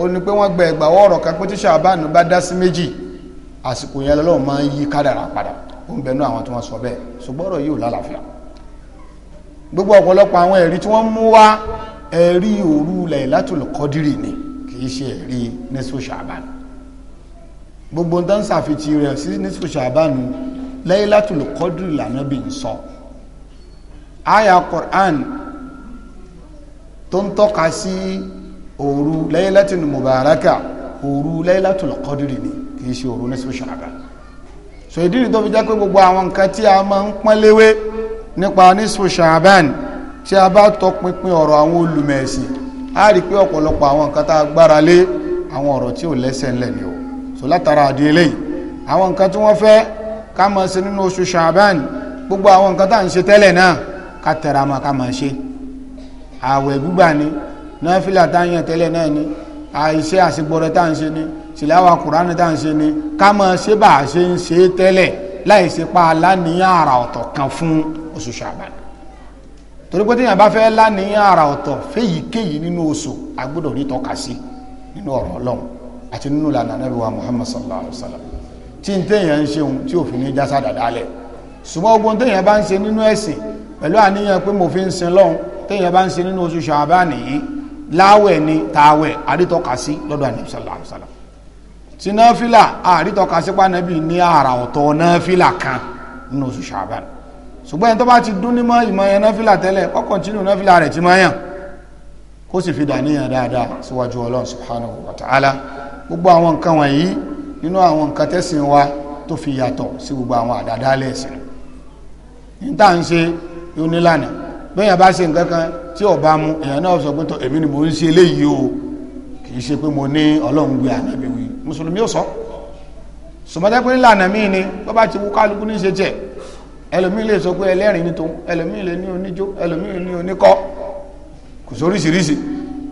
ó ní pé wọ́n gbẹ ìgbàwọ́ ọ̀rọ̀ kan pé tí ṣàbán bá dá sí méjì àsìkò yẹn lọ́wọ́ máa ń yí kádàrà padà ó ń bẹnu àwọn tí wọ́n sọ bẹ́ẹ̀ ṣùgbọ́n ọ̀rọ̀ yìí ò lálàáfíà gbogbo ọ̀pọ̀lọpọ̀ àwọn ẹ̀rí tí wọ́n mú wá ẹ̀rí òru Laylatul Qadri ni kìí ṣe ẹ̀rí nisfu Sha'ban gbogbo ń tán ṣàfitì rẹ̀ sí nisfu Sha'ban Laylatul Qadri l'Ànábì ń sọ aya Qur'an tó ń tọ́ka sí òru Laylatul Mubaraka òru Laylatul Qadri ni kìí ṣe òru nisfu Sha'ban so ìdí ni tó fi jẹ́ pé gbogbo àwọn nǹkan tí a máa ń pọ́n léwé nípa nisfu sha'ban tí a bá tọpinpin ọ̀rọ̀ àwọn olùmẹ̀ẹ̀sìn a rí pé ọ̀pọ̀lọpọ̀ àwọn nǹkan tá a gbára lé àwọn ọ̀rọ̀ tí ò lẹ́sẹ̀ ńlẹ̀ ni o so látara àdí eléyìí àwọn nǹkan tí wọ́n fẹ́ ká máa ṣe nínú oṣù sha'ban gbogbo àwọn nǹkan tá à ń ṣe tẹ́lẹ̀ náà ká tẹra mọ́ ká máa ṣe ààwẹ̀ gbígbà ni náfìlà tá à ń yàn tẹ́lẹ̀ náà ni àìṣe àṣegbọrẹ tá à ń ṣe ni tìláwà kùránì tá à ń ṣe ni ká máa ṣe bá a ṣe ń ṣe tẹ́lẹ̀ láì ṣe pa aláníyàn àrà ọ̀tọ̀ kan fún oṣù ṣàbàn torí pé téèyàn bá fẹ́ láníyàn àrà ọ̀tọ̀ fẹ́yìíkéyìí nínú oṣù agbọ́dọ̀ rí tọ́ka sí nínú ọ̀rọ̀ ọlọ́run àti nínú ìlànà Ànábì wa Muhammad sallallahu alaihi wa sallam tí n téèyàn ń ṣeun tí òfin ní jásá dáadáa lẹ̀ ṣùgbọ́n ogun téèyàn bá ń ṣe nínú ẹ̀sìn pẹ̀lú àníyàn pé mo fi ń sin lọ́hun téèyàn bá ń ṣe nínú oṣù ṣàbàn yìí láwẹ̀ ni tààwẹ̀ àrítọ́ka sí lọ́dọ̀ Ànábì sallallahu alaihi wa sallam sí náfìlà àrítọ́ka sípà nàbì ní àrà ọ̀tọ̀ náfìlà kan nínú oṣù ṣàbàn ṣùgbọ́n ẹni tó bá ti dún nímọ̀ ìmọ̀ yẹn náfìlà tẹ́lẹ̀ kó kọ̀ntínú náfìlà rẹ̀ ti mọ̀ yàn kó sì fi dàníyàn dáadáa síwájú ọlọ́run subhanahu wa ta'ala gbogbo àwọn nǹkan wọ̀nyí nínú àwọn nǹkan tẹ́sìn wa tó fi yàtọ̀ sí gbogbo àwọn àdádálẹ̀ ẹ̀sìn ní tá à ń ṣe onílànà bẹ́yàn bá ṣe nǹkan kan tí ó bá mu èèyàn náà sọ pé tọ́ èmi ni mo ń ṣe eléyìí o kì í ṣe pé mo ní ọlọ́run gbé ànábì mùsùlùmí ò sọ sùmọ́tẹ́ pé nílànà míì ni bó bá ti wú kálukú ní í ṣe jẹ ẹlòmíì lè sọ pé ẹlẹ́rìn ní tòun ẹlòmíì lè ní oníjó ẹlòmíì ní oníkọ́ kò sóríṣiríṣi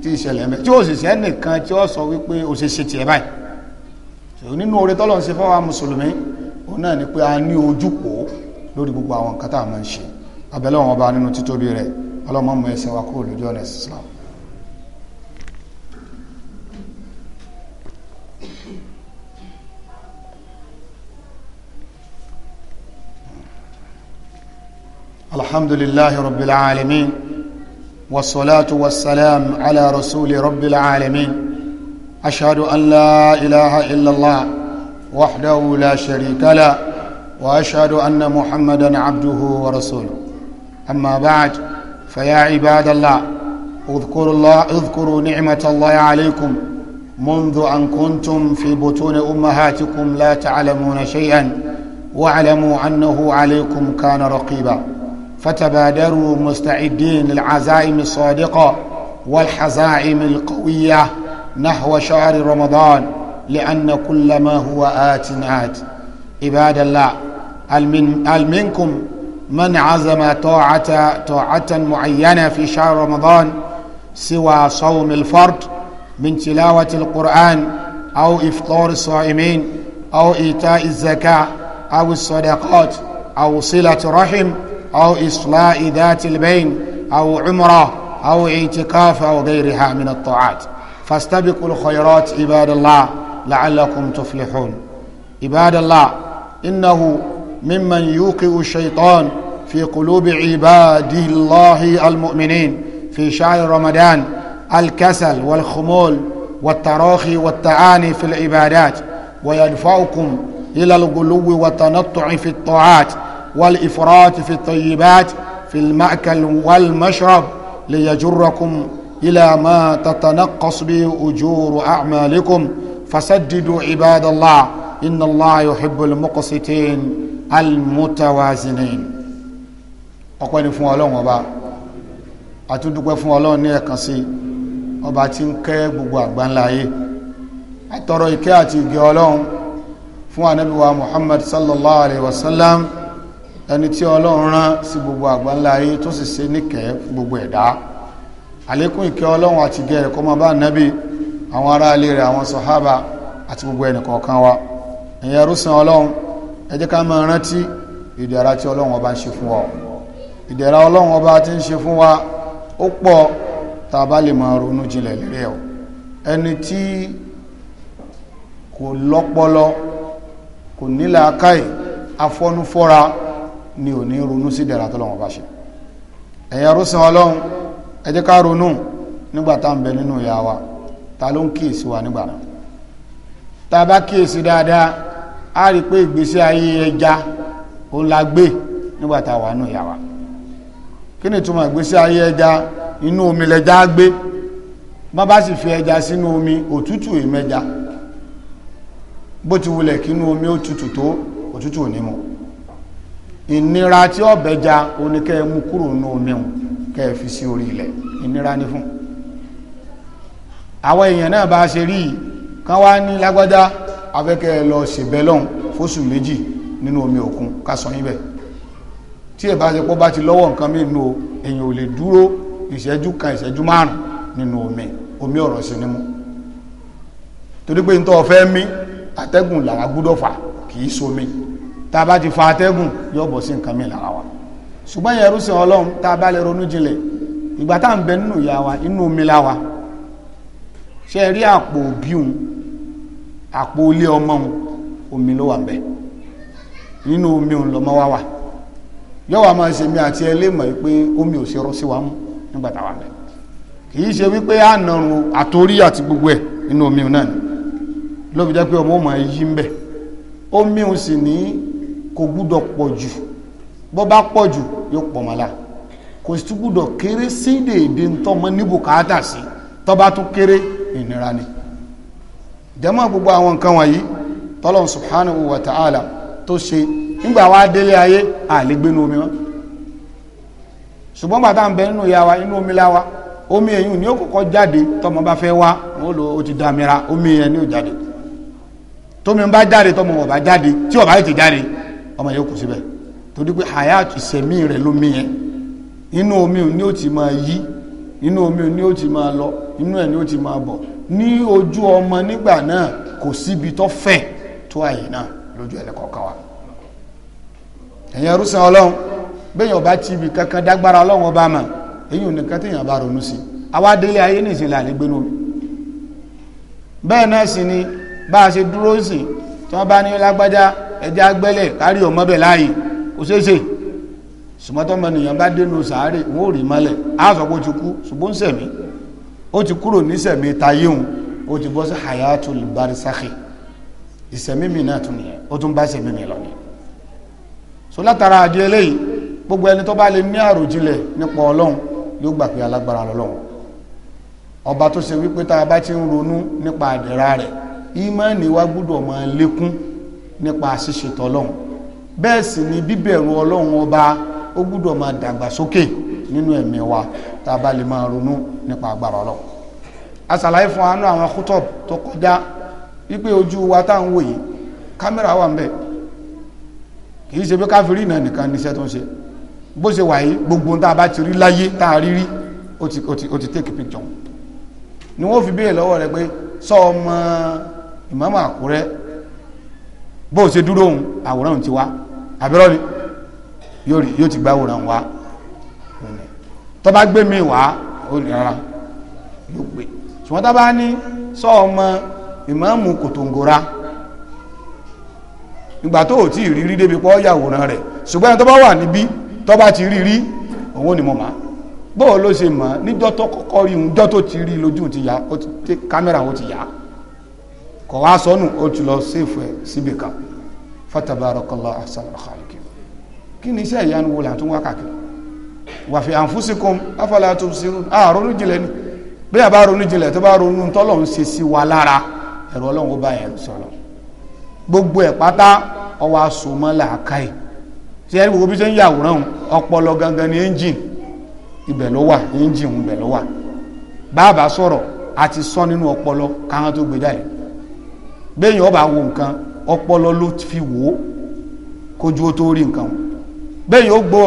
tí ìṣẹ̀lẹ̀ mẹ́ tí òṣìṣẹ́ nìkan tí ó sọ wípé ó ṣe báyìí nínú oore tọ́lọ̀ ń ṣe fún wa mùsùlùmí òun náà ni pé a ní ojúpò lórí gbogbo àwọn nǹkan tá a máa ń ṣe abẹ́lẹ́ wọn ọba nínú títóbi rẹ̀ ọlọ́mọ mú ẹsẹ̀ wa kúrò lójú ọ̀nà Islam الحمد لله رب العالمين والصلاة والسلام على رسول رب العالمين أشهد أن لا إله إلا الله وحده لا شريك له وأشهد أن محمدا عبده ورسوله أما بعد فيا عباد الله اذكروا الله اذكروا نعمة الله عليكم منذ أن كنتم في بطون أمهاتكم لا تعلمون شيئا واعلموا أنه عليكم كان رقيبا فتبادروا مستعدين للعزائم الصادقة والحزائم القوية نحو شهر رمضان لأن كل ما هو آت آت عباد الله هل منكم من عزم طاعة طاعة معينة في شهر رمضان سوى صوم الفرد من تلاوة القرآن أو إفطار الصائمين أو إيتاء الزكاة أو الصدقات أو صلة رحم أو إصلاء ذات البين أو عمرة أو اعتكاف أو غيرها من الطاعات فاستبقوا الخيرات عباد الله لعلكم تفلحون عباد الله إنه ممن يوقئ الشيطان في قلوب عباد الله المؤمنين في شهر رمضان الكسل والخمول والتراخي والتعاني في العبادات ويدفعكم إلى الغلو والتنطع في الطاعات والإفراط في الطيبات في المأكل والمشرب ليجركم إلى ما تتنقص به أجور أعمالكم فسددوا عباد الله إن الله يحب المقسطين المتوازنين ọpẹ́ ni fún Ọlọ́run ọba àtúndúpẹ́ fún Ọlọ́run ní ẹ̀kan sí ọba tí ń kẹ́ gbogbo àgbáńlá ayé àtọrọ ìkẹ́ àti ìgẹ́ Ọlọ́run fún ànábì Muhammad sallallahu alayhi wa sallam ẹni tí ọlọ́run rán sí gbogbo àgbáńlá ayé tó sì ṣe níkẹ́ gbogbo ẹ̀dá àlékún ìkẹ́ ọlọ́run àti gẹ́ ẹ̀kọ́ máa bá nábì àwọn ará ilé rẹ̀ àwọn sọ̀hábà àti gbogbo ẹnìkọ̀ọ̀kan wa ẹ̀yẹ rúsan ọlọ́run ẹ jẹ́ ká máa rántí ìdẹ̀ra tí ọlọ́run ọba ń ṣe fún wa ìdẹ̀ra ọlọ́run ọba ti ń ṣe fún wa ó pọ̀ tá a bá lè máa ronú jinlẹ̀ lérè ọ ẹni tí kò lọ́pọlọ kò nílàákàyè ni ò ní ronú sí dẹ̀ra tó lọ́wọ́ bá ṣe ẹ̀yà rúsan ọlọ́run ẹ jẹ́ ká ronú nígbà tá à ń bẹ nínú ìyá wa ta ló ń kíyèsí wa nígbà náà bá kíyèsí dáadáa a rí pé ìgbésí ayé ẹja ó la gbé nígbà wà nínú ìyá wa kí ni ìtumọ̀ ìgbésí ayé ẹja inú omi lẹja gbé bá bá sì fi ẹja sínú omi òtútù ìmẹja bó ti wulẹ̀ kí inú omi ó tutù tó òtútù ò ní mọ̀ ìnira tí ó bẹja oníkẹ́ mú kúrò ní omi hùn kẹ́ fi sí orí ilẹ̀ ìnira ní fún àwọn èèyàn náà bá ṣe rí kán wá ní lágbádá afẹ́kẹ́ lọ ṣèbẹ́ lọ́hùn fóṣù méjì nínú omi òkun ká sọ yín bẹ̀ tí ẹ̀ bá ṣe pọ́ bá ti lọ́wọ́ nǹkan mí nù èèyàn ò lè dúró ìṣẹ́jú kan ìṣẹ́jú márùn nínú omi omi ọ̀rọ̀ sí ni mú torí pé ń tọ́ fẹ́ mí atẹ́gùn làwọn gbúdọ̀ fà kì í somi tá a bá ti fa atẹ́gùn yóò bọ̀ sí nǹkan mi lára wa ṣùgbọ́n yẹn rúṣin ọlọ́run tá a bá lè ronú jinlẹ̀ ìgbà tá à ń bẹ nínú ìyá wa inú omi la wa ṣe rí àpò òbí òun àpò ilé ọmọ òun omi ló wà ń bẹ nínú omi òun lọmọ wa wà yóò wá máa ṣe mi àti ẹlẹ́mọ̀ pé omi ò ṣe rọ́ sí wa mú nígbà táwa ń bẹ kì í ṣe wípé ànàrùn àtòrí àti gbogbo ẹ̀ nínú omi òun náà ni ló jẹ́ pé ọmọ òun máa yí ń bẹ omi òun sì ní kò gbúdọ̀ pọ̀ jù bọ́ bá pọ̀ jù yóò pọ̀ mọ́lá kò sì tún gbúdọ̀ kéré sí dèédé ntọ́mọ ní bùkátà sí tó tún kéré ìnira ni jẹ́mọ́ gbogbo àwọn nǹkan wọ̀nyí tọ́lọ́n subhanahu wa ta'ala tó ṣe nígbà wá délé ayé àlégbénu omi wọn ṣùgbọ́n bàtà ń bẹ nínú ìyá wa inú omi láwa omi ẹ̀yìn ni ó kọ́kọ́ jáde tọ́mọ bá fẹ́ wá wọn lò ó ti dàmíra omi yẹn ni ó jáde tómi bá jáde tọ́mọ bá jáde tí ó bá ti jáde ọmọ yóò síbẹ̀ torí pé hayat ìsẹ̀mí rẹ̀ lómi yẹn inú omi ò ní ó ti máa yí inú omi ò ní ó ti máa lọ inú ẹ̀ ní ó ti máa bọ̀ ní ojú ọmọ nígbà náà kò síbi tó fẹ̀ tó àyè náà lójú ẹlẹ́kọ̀ọ́kan wa ẹ̀yin ẹrúsàn ọlọ́run bẹ́yìn ti ibi kankan dágbára ọlọ́run ọba mà èyí ò bá ronú sí bẹ́ẹ̀ náà ni bá a ṣe ẹjẹ́ agbẹ́lẹ̀ kárí ọmọ bẹ̀ láàyè kò ṣeéṣe sùmọ́tọ́ mẹ́nìyàn bá dénú sàárè wọ́n ò rí mọ́lẹ̀ á sọ pé ó ti kú ṣùgbọ́n sẹ̀mí ó ti kúrò ní sẹ̀mí tayéhun ó ti bọ́ sí hayatul barisakhi ìsẹ̀mí mi náà tún nìyẹn ó tún bá sẹ̀mí mi lọ ni so látara àdí eléyìí gbogbo ẹni tó bá lè ní àròjinlẹ̀ nípa ọlọ́run yóò gbà pé alágbára lọ́lọ́run ọba tó ṣe wípé tá a bá ti ń ronú nípa àdẹ̀ra rẹ̀ ìmánì wa gbọ́dọ̀ máa lékún nípa ṣíṣe tọlọ́hun bẹ́ẹ̀ sì ni bíbẹ̀rù ọlọ́run ọba ó gbúdọ̀ máa dàgbàsókè nínú ẹ̀mí wa tá a bá lè máa ronú nípa agbára ọlọ́run a ṣàlàyé fún anú àwọn kútọ̀b tó kọjá wípé ojú wa tá à ń wò yìí kámẹ́rà wà ń bẹ̀ kì í ṣe pé káfírí náà nìkan níṣẹ́ tó ń ṣe bó ṣe wà yìí gbogbo tá a bá ti rí láyé tá a rí rí ó ti take picture ni wọ́n fi béèrè lọ́wọ́ rẹ pé sọ ọmọ ìmáàmù Àkúrẹ́ bó o ṣe dúró òun àwòrán ti wá àbẹ̀rọ̀ ni yóò ti gba àwòrán wá tó bá gbé mi wá ó ní rárá yóò gbé ṣùgbọ́n tó bá ní sọ ọmọ ìmáàmù kòtòǹgòrà ìgbà tó ò tí ì rí rí débi pọ́ yàwòrán rẹ̀ ṣùgbọ́n tó bá wà níbí tó bá ti rí òun ni mo máa bóò ló ṣe mọ̀ níjọ́ tó kọ́kọ́ rí un jọ́ ti rí lójú ti yá kámẹ́rà wọn ti yá kọ̀ wá sọnù ó ti lọ séèfù ẹ̀ síbi kan fatabarakallahu ahsanul khaliqin kí ni iṣẹ́ ìyanu wo là ń tún wá káàkiri wa fi anfusikum a ronú jinlẹ̀ ni bí a bá ronú jinlẹ̀ tó bá ronú tọ́lọ̀ ń ṣe sí wa lára ẹ̀rọ ọlọ́run ó bá yẹn sọ̀rọ̀ gbogbo ẹ̀ pátá ọwọ́ asomọ́ làákàyè ṣe é gbogbo bí ṣe ń yàwòrán òun ọpọlọ gangan ní engine ibẹ̀ ló wà engine ibẹ̀ ló wà bá a bá sọ̀rọ̀ a ti sọ nínú ọpọlọ káwọn tó gbé jáde bẹ́yìn ọba wo nǹkan ọpọlọ ló fi wò ó kójú ó tó rí nǹkan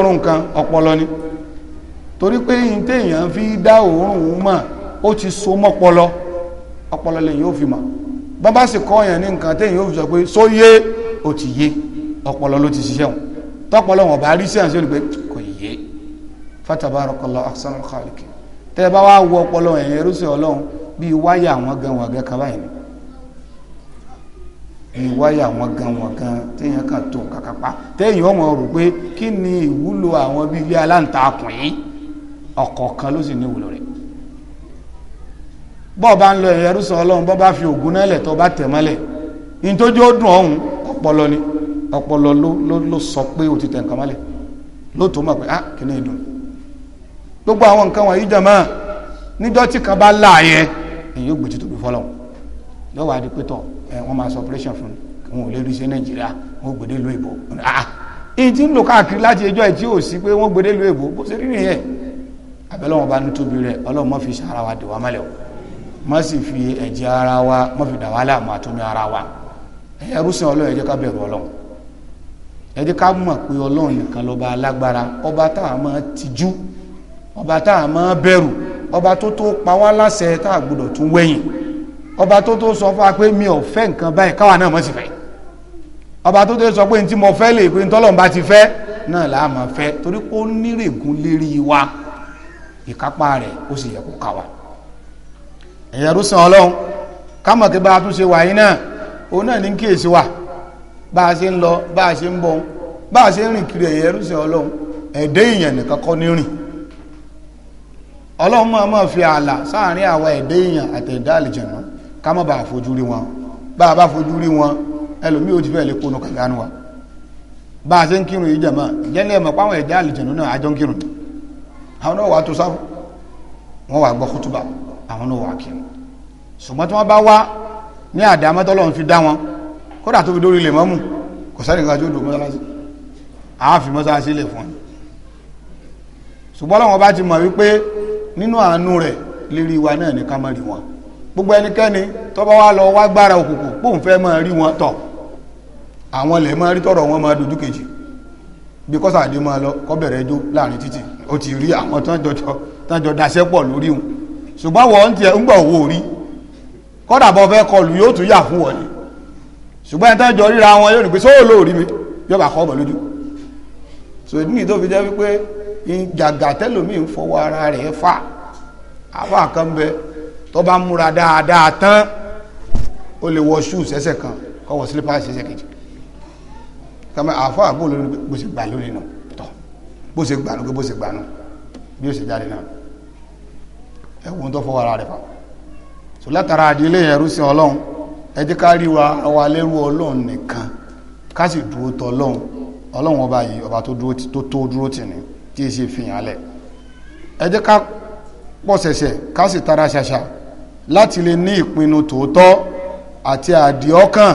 ó nǹkan ọpọlọ ni torí pé yìí téèyàn fi dá òórùn mọ̀ ó ti so mọ́pọlọ ọpọlọ lẹ́yìn ó fi mọ̀ bàbá sì kọ́ yẹn ní nǹkan téèyàn ó fi sọ pé sóyé ó ti yé ọpọlọ ló ti ṣiṣẹ́ wọn tọpọlọ wọn bá rí sí àṣẹ kò yé tẹ́ bá wá wọ ọpọlọ ìwáyà wọn gan wọn gan téèyàn kan tó nǹkan kan pa téèyàn ọmọ rò pé kí ni ìwúlò àwọn bíi ilé aláǹtakùn yìí ọ̀kọ̀ọ̀kan ló sì ní ìwúlò rẹ̀ bọ́ọ̀ bá ń lọ ẹ̀yẹ́rú sọ ọlọ́run bọ́ bá fi ògùn náà lẹ̀ tó bá tẹ̀ mọ́lẹ̀ nítorí ó dùn ọ̀hún ọpọlọ ni ọpọlọ ló ló ló sọ pé o ti tẹ̀ nǹkan mọ́lẹ̀ ló mọ̀ pé ah kí ni ìdùn gbogbo àwọn nǹkan wọ̀nyí jẹ̀ níjọ́ tí kan bá láàyè èyí ó gbèjì tó gbé fọlọ́run lọ́wọ́ adé pé wọ́n máa sọ operation fún wọn ò lè rí sí nàìjíríà wọ́n gbèdé lu ìbò èyí tí ń lò káàkiri láti ẹjọ́ ẹ̀ tí ò sí pé wọ́n gbèdé lu ìbò bó ṣe rí nìyẹn àbẹ̀lẹ̀ wọn bá ní tóbi rẹ̀ ọlọ́run mọ́ fi sara wa dè wá mọ́lẹ̀ o mọ́ sì fi ẹ̀jẹ̀ ara wa mọ́ fi dà wá láàmú àtúnú ara wa ẹ̀rú ọlọ́run ẹ ká bẹ̀rù ọlọ́run ẹ ká mọ̀ pé ọlọ́run ọba tó tó sọ fún wa pé mi ò fẹ́ nǹkan báyìí káwa náà mọ̀ sí fẹ́ ọba tó tó sọ pé ntí mo fẹ́ lè pé ntọ́lọ́run bá ti fẹ́ náà là á máa fẹ́ torí pé ó nírègùn lérí wa ìkápá rẹ̀ ó sì yẹ kó ká wa ẹ̀yẹ̀rú sàn ọlọ́run kámọ̀ kí bá a tún ṣe wà yín náà òun náà ní kíyèsí wa bá a ṣe ń lọ bá a ṣe ń bọ̀ bá a ṣe ń rìn kiri ẹ̀yẹ̀rú sàn ọlọ́run ẹ̀dẹ́ èèyàn nìkan kọ́ ní rìn ọlọ́run máa máa fi ààlà sáàárín àwa ẹ̀dẹ́ èèyàn àtẹ̀dá àlìjẹ̀nà ká má bàa fojú rí wọn bá a bá fojú rí wọn ẹlòmíì ò ti fẹ́ẹ̀ lè kónú kàgánú wa bá a ṣe ń kírun yìí jẹ̀mọ́ jẹ́lẹ̀ mọ̀ páwọn ẹ̀dá àlùjẹ̀nu náà àjọ ń kírun àwọn náà wà tó sáfù wọ́n wà gbọ́ kútùbà àwọn náà wà kírun ṣùgbọ́n tí wọ́n bá wá ní àdámọ́tọ́lọ́run fi dá wọn kódà tó fi dórí ilẹ̀ mọ́mù kò sẹ́nìkan tó dùn mọ́sálásí àáfi mọ́sálásí lè fún ẹ ṣùgbọ́n làwọn bá ti mọ̀ wípé nínú àánú rẹ̀ lérí wa náà ní ká wọn gbogbo ẹnikẹ́ni tó bá wá lọ wá gbára òkùnkùn bóun fẹ́ máa rí wọn tọ̀ àwọn lè máa rí tọ̀rọ̀ wọn máa dojú kejì bí kọ́sàdé máa lọ kọ́ bẹ̀rẹ̀ ẹjọ́ láàrin títì ó ti rí àwọn tánjọ daṣẹ́ pọ̀ lórí wọn ṣùgbọ́n wọ́n ti ń gbọ̀ owó rí kọ́dà bọ́ fẹ́ kọlù yóò tún yà fún wọn ni ṣùgbọ́n ẹni tánjọ ríra wọn yóò ní pé sóò lóòrí mi yóò bá kọ́ bọ̀ so ní tó fi jẹ́ wípé gàgà tẹ́lòmíì ń fọwọ́ ara rẹ̀ fà àfà kan bẹ́ẹ̀ tó bá múra dáadáa tán ó lè wọ shoes ẹsẹ̀ kan kó wọ slippers ẹsẹ̀ kejì kàmá àfọ àbò lórí bó ṣe gbà lónìí nù tọ bó ṣe gbà lónìí bó ṣe gbà nù bí ó ṣe jáde náà ẹ wo tó fọwọ́ ara rẹ̀ fà so látara àdílé ẹ̀rú sí ọlọ́run ẹ jẹ́ ká rí wa wa lẹ́rú ọlọ́run nìkan ká sì dúró tọ ọlọ́run ọlọ́run ọba yìí ọba tó tó dúró tì ní tí ì ṣe fìyàn lẹ̀ ẹ jẹ́ ká pọ̀ ṣẹ̀ṣẹ̀ ká sì tara ṣàṣà láti lè ní ìpinnu tòótọ́ àti àdìọ́kàn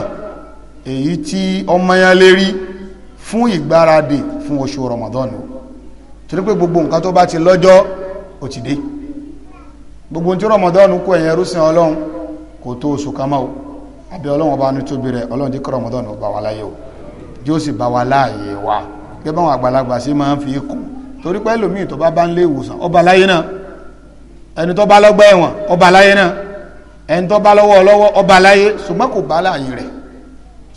èyí tí ọmọ yẹn lérí fún ìgbáradì fún oṣù Ramadan o torí pé gbogbo nǹkan tó bá ti lọ́jọ́ ó ti dé gbogbo tí Ramadan kó ẹ̀yẹn rúsìn Ọlọ́run kò tó oṣù kan mọ́ o àbí Ọlọ́run ọba ní tóbi Ọlọ́run jẹ́ kí Ramadan bá wa láyé o jẹ́ sì bá wa láàyè wa gẹ́gẹ́ báwọn àgbàlagbà sí máa ń fi kún torí pé ẹlòmíì tó bá bá ń lé ìwòsàn ó láyé náà ẹni tó bá lọ́gbà ẹ̀wọ̀n ọba aláyé náà ẹni tó bá lọ́wọ́ ọlọ́wọ́ ọba aláyé ṣùgbọ́n kò bá láàyè rẹ̀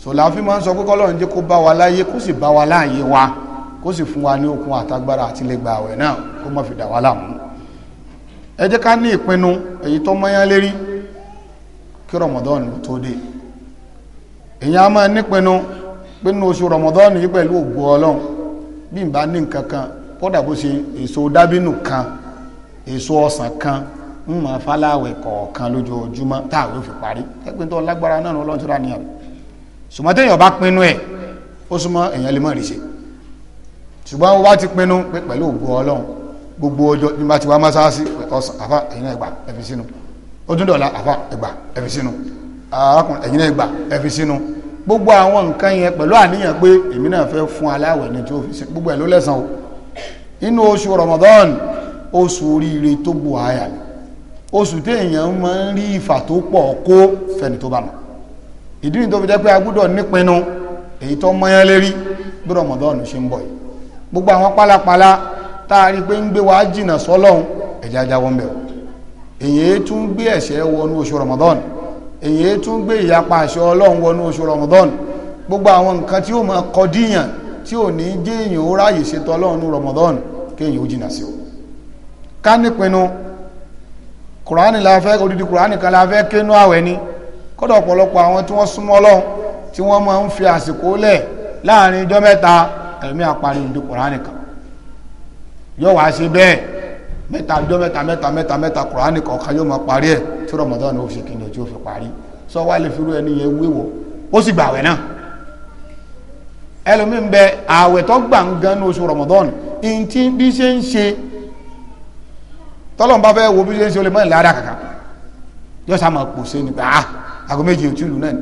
sọlá fi máa ń sọ pé kọ́lọ́run jẹ́ kó bá wa láyé kó sì bá wa láàyè wa kó sì fún wa ní okun àtagbára àti lè gba àwẹ̀ náà kó má fi dà wá láàmú ẹ jẹ́ ká ní ìpinnu èyí tó mọ́yán lérí kí rọmọdọ́ọ̀nù tó dé èyí á máa nípinnu pinnu oṣù rọmọdọ́ọ̀nù yìí pẹ̀lú ògbó ọlọ́run bí n bá ní nǹkan kan kódà bó ṣe èso dábínù kan èso ọsàn kan ń mọ fáláwẹ̀ kọ̀ọ̀kan lójoojúmọ́ táwọn yóò fi parí ẹgbẹ́ tó lágbára náà lọ́n tó rà níyàn ṣùgbọ́n téèyàn bá pinnu ẹ̀ ó súnmọ́ èèyàn lè mọ̀ rí ṣe ṣùgbọ́n wá ti pinnu pé pẹ̀lú ògbó ọlọ́run gbogbo ọjọ́ ní bá ti wá mọ́sáàsì ọ̀sán àfa ẹ̀yìn ẹgbà ẹ̀fi sínú ó tún dọ̀la àfa ẹgbà ẹ̀fi sínú arákùnrin ẹ̀yìn ẹgbà ẹ̀fi sínú gbogbo àwọn nǹkan yẹn pẹ̀lú àníyàn pé èmi náà fẹ́ fún aláwẹ̀ ni tí ó fi sí gbogbo ẹ̀ ló lẹ́sàn o inú oṣù Ramadan oṣù oríire tó bu àyà ni oṣù téèyàn máa ń rí ìfà tó pọ̀ kó fẹ́ni tó bá mọ̀ ìdí nìyí tó fi jẹ́ pé a gbọ́dọ̀ nípinnu èyí tó mọ́yán lérí bí Ramadan ṣe ń bọ̀ yìí gbogbo àwọn pálapàla tá a rí pé ń gbé wa jìnnà sọ́lọ́hún ẹ̀já jáwọ́ ń bẹ̀rù èyí tún gbé ẹ̀ṣẹ̀ wọnú oṣù Ramadan èyí tún gbé ìyapa àṣẹ Ọlọ́run wọnú oṣù Ramadan gbogbo àwọn nǹkan tí ó máa kọdíyàn tí ò ní jẹ́ èèyàn ó ráyè ṣètò Ọlọ́run Ramadan kéèyàn ó jìnnà sí o ká nípinnu kùránì la fẹ́ odidi kùránì kan la fẹ́ kénú àwẹ̀ ni kọ́dọ̀ ọ̀pọ̀lọpọ̀ àwọn tí wọ́n súnmọ́ Ọlọ́run tí wọ́n máa ń fi àsìkò lẹ̀ láàrin ijọ́ mẹ́ta ẹ̀mí àparí odidi kùránì kan yóò wá ṣe bẹ́ẹ̀ mẹ́ta ijọ́ mẹ́ta mẹ́ta mẹ́ta mẹ́ta kùránì kọ̀ọ̀kan yóò máa parí ẹ̀ tí Ramadan ó fi ṣe kíni tí ó fi parí sọ wá lè fi rú ẹni yẹn wéwọ̀ ó sì gbàwẹ̀ náà ẹlòmíín bẹ àwẹ̀ tó ní oṣù Ramadan ìntí bí ṣe ń ṣe tọ́lọ́n bá fẹ́ wo bí ṣe ń ṣe olè mọ́yìn lára kàkà yóò sá máa pòṣe ni pé ah àgọ méjì òtún ìlú náà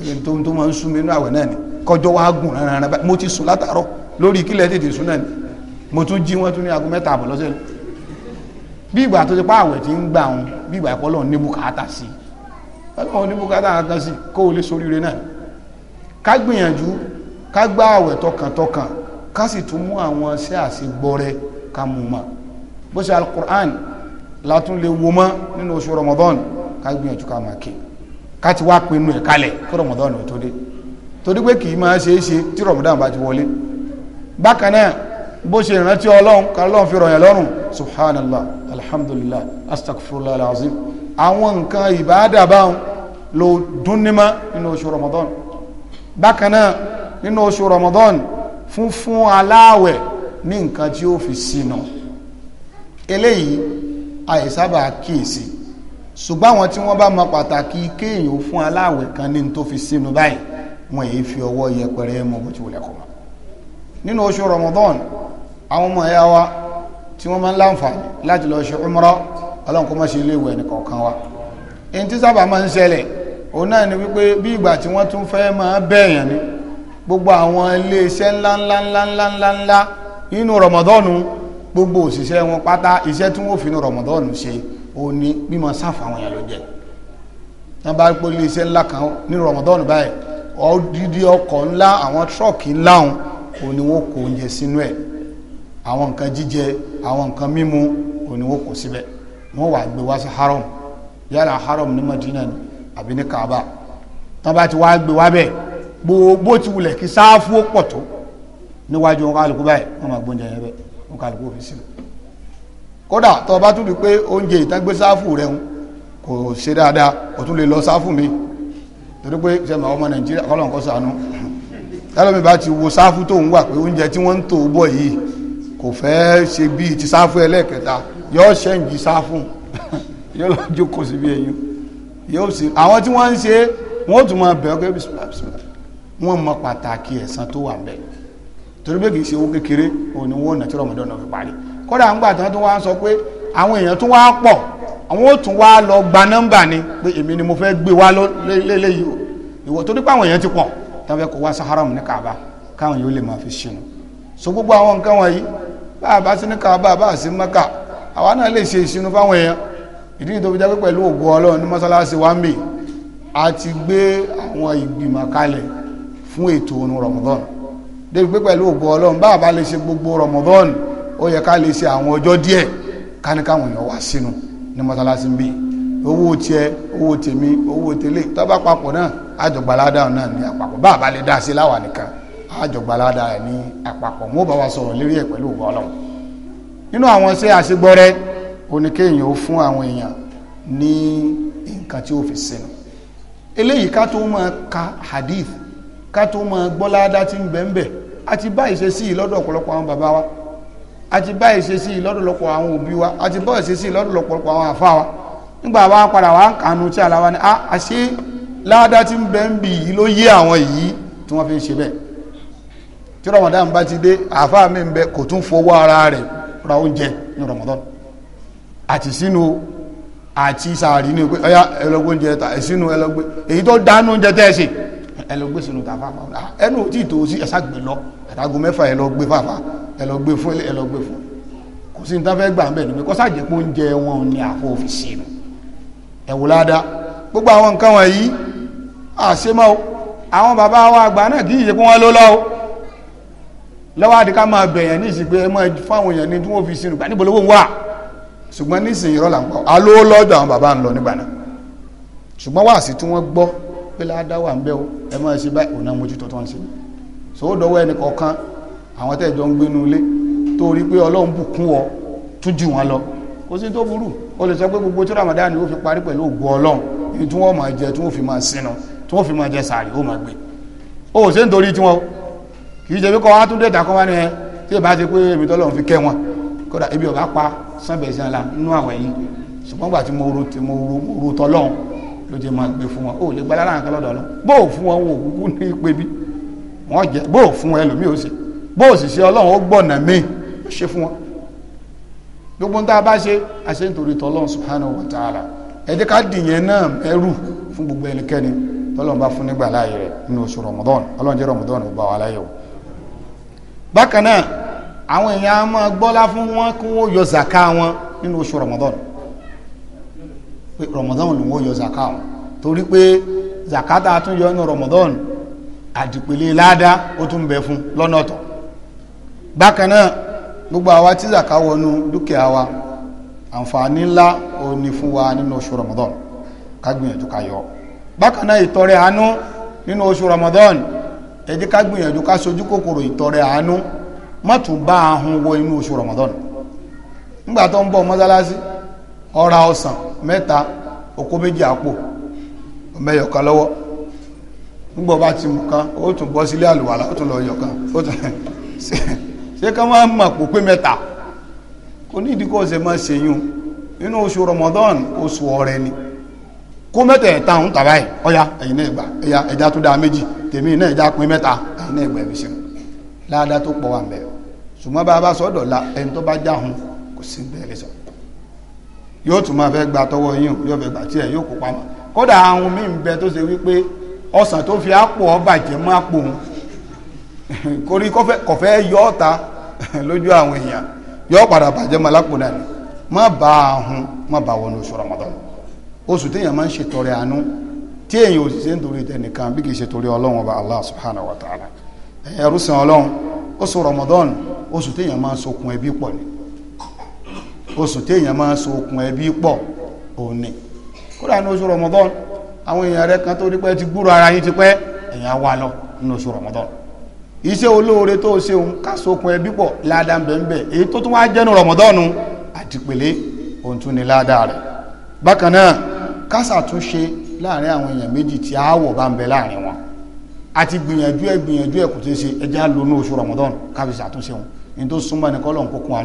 ni ah, tó tó máa ń sún mi inú àwẹ̀ náà ni kọjọ́ wa gùn rárá mo ti sùn látàárọ̀ lórí kílẹ̀ tètè sùn náà ni mo tún jí wọn tún ní àgọ mẹ́ta àbọ̀ lọ́sẹ̀ bí ìgbà tó ti pa àwẹ̀ ti ń gbà wọn bí ìgbà ìpọ́lọ́ ní bùkátà sí ọlọ́run ní bùkátà kan sí kó o lè bó ṣe alukur'an látún lè wo mọ́ nínú oṣù rọmọdọ́ọ̀nù ká gbìyànjú ká máa ké ká ti wá pinnu ẹ̀ kalẹ̀ kó rọmọdọ́ọ̀nù tó dé torí pé kì í máa ṣe é ṣe tí rọmọdọ́ọ̀nù bá ti wọlé bákan náà bó ṣe ìrántí ọlọ́run kálọ́run fi rọ̀yàn lọ́rùn subhanallah alhamdulillah astaghfirullah alazim àwọn nǹkan ìbáàdà báwọn ló dún ní mọ́ nínú oṣù rọmọdọ́ọ̀nù bákan náà nínú oṣù rọmọdọ́ọ̀nù fún fún ní nǹkan tí ó fi sínú eléyìí àìsábà kíyèsí ṣùgbọ́n àwọn tí wọ́n bá mọ pàtàkì kéèyàn fún aláàwẹ̀ kan ní tó fi sínú báyìí wọn èyí fi ọwọ́ yẹpẹrẹ mọ bó ti wọlé kọ́ mọ́ nínú oṣù Ramadan àwọn ọmọ wa tí wọ́n máa ń láǹfààní láti lọ ṣe ọlọ́run kó má ṣe iléèwé wa èyí tí sábà máa ń ṣẹlẹ̀ òun náà ni wípé bí ìgbà tí wọ́n tún fẹ́ máa bẹ̀yàn ni gbogbo àwọn iléeṣẹ́ nínú Ramadan gbogbo òṣìṣẹ́ wọn pátá iṣẹ́ tí wọ́n fi ní rọmọdọ́ọ̀nù ṣe ó ní mímọ sáfà àwọn èèyàn ló jẹ wọn bá pé ilé iṣẹ́ ńlá kan ní rọmọdọ́ọ̀nù báyìí ọdídí ọkọ̀ ńlá àwọn tírọ̀kì ńlá òun kò ní wọ́n kó oúnjẹ sínú ẹ̀ àwọn nǹkan jíjẹ àwọn nǹkan mímu kò ní wọ́n síbẹ̀ wọ́n wà gbé wá sí haram yálà haram ní Madina ni àbí ní Kaaba wọn bá ti wá gbé wá bẹ́ẹ̀ gbogbo ti wulẹ̀ kí sáfù ó pọ̀ tó níwájú wọn kálukú báyìí wọn máa gbóúnjẹ yẹn bẹ́ẹ̀ òun kálukú òfin sílẹ̀ kódà tó o bá tún di pé oúnjẹ ìtàgbé sáfù rẹ̀ ń kò ṣe dáadáa o tún lè lọ sáfù mi torí pé sẹ́mi àwọn ọmọ nàìjíríà kọ́lọ̀ ń kọ́ sànú tẹ́lẹ̀mí bá ti wo sáfù tó ń wà pé oúnjẹ tí wọ́n ń tò bọ̀ yìí kò fẹ́ ṣe bíi ti sáfù ẹlẹ́ẹ̀kẹta yóò ṣẹ́ǹjì sáfù yóò lọ jókòó síbi ẹ̀yìn yóò sì àwọn tí wọ́n ń ṣe wọ́n tún máa bẹ̀ ọ́ kẹ́ bí wọ́n mọ pàtàkì ẹ̀san tó wà bẹ́ẹ̀ torí pé kì í ṣe owó kékeré òun ni wọ́n nà tí rọmọdún náà fi parí kódà ńgbà tí wọ́n tún wá ń sọ pé àwọn èèyàn tún wá àwọn ni pé èmi ni mo fẹ gbé wá léléyìí o ìwọ torí pé àwọn èèyàn ti pọ táwọn fẹ́ kó wá saharamu ní kaaba káwọn yóò lè máa fi ṣinu so gbogbo àwọn nǹkan sí ní kaaba sí àwa náà lè ṣe ìṣinu fáwọn èèyàn ìdí débi pé pẹ̀lú ògo ọlọ́run bá àbá lè ṣe gbogbo rọmọdọ́ọ̀nù ó yẹ ká lè ṣe àwọn ọjọ́ díẹ̀ káníkàwọn èèyàn wá sínú ní mọ́sálásí bíi owó tiẹ̀ owó tèmi owó tèlé tọ́ba papọ̀ náà àjọgbàládà náà ní àpapọ̀ bá àbá lè dá sí láwa nìkan àjọgbàládà rẹ̀ ní àpapọ̀ wọn ò bá wa sọ̀rọ̀ lérí ẹ̀ pẹ̀lú ògo ọlọ́run nínú àwọn iṣẹ́ àṣegbọ́rẹ́ oníkéèyàn ó fún àwọn èèyàn ní nǹkan tí ó fi sínú eléyìí ká tó máa ka hadith ká tó mọ gbọ́ládá tí ń bẹ̀ ń bẹ̀ àti bá ìṣesí lọ́dọ̀ ọ̀pọ̀lọpọ̀ àwọn bàbá wa àti bá ìṣesí lọ́dọ̀lọpọ̀ àwọn òbí wa àti bá ìṣesí lọ́dọ̀lọpọ̀ àwọn àfa wa nígbà wa padà wá kànú tí àlàwa ni ah, àṣé ládá tí ń bẹ̀ ń bì yìí ló yé àwọn yìí tí wọ́n fi ń ṣe bẹ́ẹ̀ tí Ramadan bá ti dé àfa mi ń bẹ kò tún fowó ara rẹ̀ ra oúnjẹ ní Ramadan àti sínú àti sàárì ní ọyá ẹlọgbóúnjẹ ta sínú ẹlọgbó èyí tó dánú oúnjẹ tẹ́ ẹ ṣe ẹ lọ gbé sínú tàfà àwọn ọ̀la ẹnu tí tò sí ẹ̀sà gbé lọ àtàgùn mẹ́fà ẹ lọ gbé fàfà ẹ lọ gbé fún ẹ lọ gbé fún kò sí níta fẹ́ gbà ń bẹ̀ níbi kọ́ sàjẹ́ pé oúnjẹ wọn ni àfọ òfin sí nu ẹ wò ládàá gbogbo àwọn nǹkan wọ̀nyí àṣemọ́ àwọn bàbá wa àgbà náà kì í ṣe pé wọ́n ló lọ́wọ́ lọ́wọ́ àdìká máa bẹ̀yàn ní ìsìnkú ẹ máa fáwọn èèyàn ní tí wọ́n fi sínú gbà níbo lówó ń wà ṣùgbọ́n nísìnyí rọ́là ń pọ̀ alówó lọ́dọ̀ àwọn bàbá ń lọ nígbà náà ṣùgbọ́n wàásì tí wọ́n gbọ́ pé ládá wà ń bẹ́ o ẹ máa ṣe báyìí òun mójútó tó ń ṣe so ó dọwọ́ ẹnì kọ̀ọ̀kan àwọn tẹ́jọ ń gbénu ilé tó rí pé ọlọ́run bùkún ọ tún jù wọn lọ kò sí tó burú o lè sọ pé gbogbo tí ramadan ni ó fi parí pẹ̀lú ògbó ọlọ́run èyí tí wọ́n máa jẹ tí wọ́n fi máa sinu tí wọ́n fi máa jẹ sàárì ó máa gbé o ò ṣe ń torí tiwọn kì í ṣe bí kọ́ wá tún dẹ̀ta kọ́ wá ní ẹ tí ì bá ṣe pé èmi tọ́lọ́run fi kẹ́ wọn kódà ebi ọ̀gá pa sanbẹ̀sẹ̀ la nínú àwọn ẹ̀yìn ṣùgbọ́n gbà tí mo ro tọ́lọ́run ló ti máa gbé fún wọn ó lè gba lára nǹkan lọ́dọ̀ lọ bó o fún wọn wò kúkú ní ipe bí wọ́n jẹ bó o fún wọn ẹlòmíì ó sì bó o sì ṣe ọlọ́run ó gbọ̀nà míì ó ṣe fún wọn gbogbo tá a bá ṣe àṣẹ nítorí tọ́lọ́run subhanahu wa ta'ala ẹ jẹ́ ká dìyẹn náà ẹrù fún gbogbo ẹnikẹ́ni tọ́lọ́run bá fún nígbà láàyè rẹ̀ nínú oṣù rọmọdọ́n ọlọ́run jẹ́ rọmọdọ́n ó bá wa láyè o bákan náà àwọn èèyàn á máa rọmọdọ́n pé rọmọdán ló ń wọ́n yọ zaka o torí pé zakata tún yọ ní rọmọdán àdìpẹ̀lẹ̀ ládá ó tún bẹ fún lọ́nà tọ̀ bákan gbogbo àwa tí zaka wọnú dúkìá wa àǹfààní ńlá ó ní fún wa nínú oṣù ká gbìyànjú ká yọ bákan náà àánú nínú oṣù ká gbìyànjú ká sojú kòkòrò àánú ọra ọsàn mẹta okó méjì àpò mẹ́yọ̀kan lọwọ nígbà ti mú kan ó tún bọ́ sílé àlùwàlá ó tún lọ yọkan ó tún ṣé ká máa mọ̀ pé mẹta kò ní ìdíkọ̀ ọ̀sẹ̀ máa ṣèyún nínú oṣù Ramadan oṣù ọ̀rẹ́ ni kó tàbá ẹ̀ ẹ̀yin náà gbà wà ṣùgbọ́n bá a yóò tún máa fẹ́ gba tọwọ́ yín yóò fẹ́ gbà tí ẹ̀ yóò kó pamọ́ kódà àwọn míì ń bẹ tó ṣe wípé tó fi àpò ọbàjẹ́ mọ́ àpò òun kórí kọfẹ́ yọ ọ̀ta lójú àwọn èèyàn yọ padà bàjẹ́ mọ́ alápò náà ni má hun má wọnú oṣù Ramadan oṣù téèyàn máa ń ṣe tọrẹ àánú tí èèyàn ò sì ṣe ń ọba Allah subhanahu wa ta'ala sàn ọlọ́run Ramadan oṣù téèyàn máa ń sokun ẹbí pọ̀ oṣù téèyàn máa so okùn ẹbí pọ̀ òní kódà ní oṣù rọmọdọ́n àwọn èèyàn rẹ kan tó rí ti gbúrò ara yín ti pẹ́ èèyàn wà lọ ní oṣù rọmọdọ́n iṣẹ́ olóore tó ṣe òun ká so ẹbí pọ̀ ládàá bẹ́ẹ̀ èyí tó tún wá jẹ́nu rọmọdọ́nù àtìpèlé òun tún ni ládàá rẹ̀ bákan náà kásà tún ṣe láàrin àwọn èèyàn méjì tí aáwọ̀ bá ń bẹ láàrin wọn àti gbìyànjú ẹ gbìyànjú ẹ kò tẹ́ ṣe ẹjá lónú oṣù rọmọdọ́nù káfíṣà tún ṣe òun ní tó súnmọ́ ní kọ́lọ̀ ń kó kún wa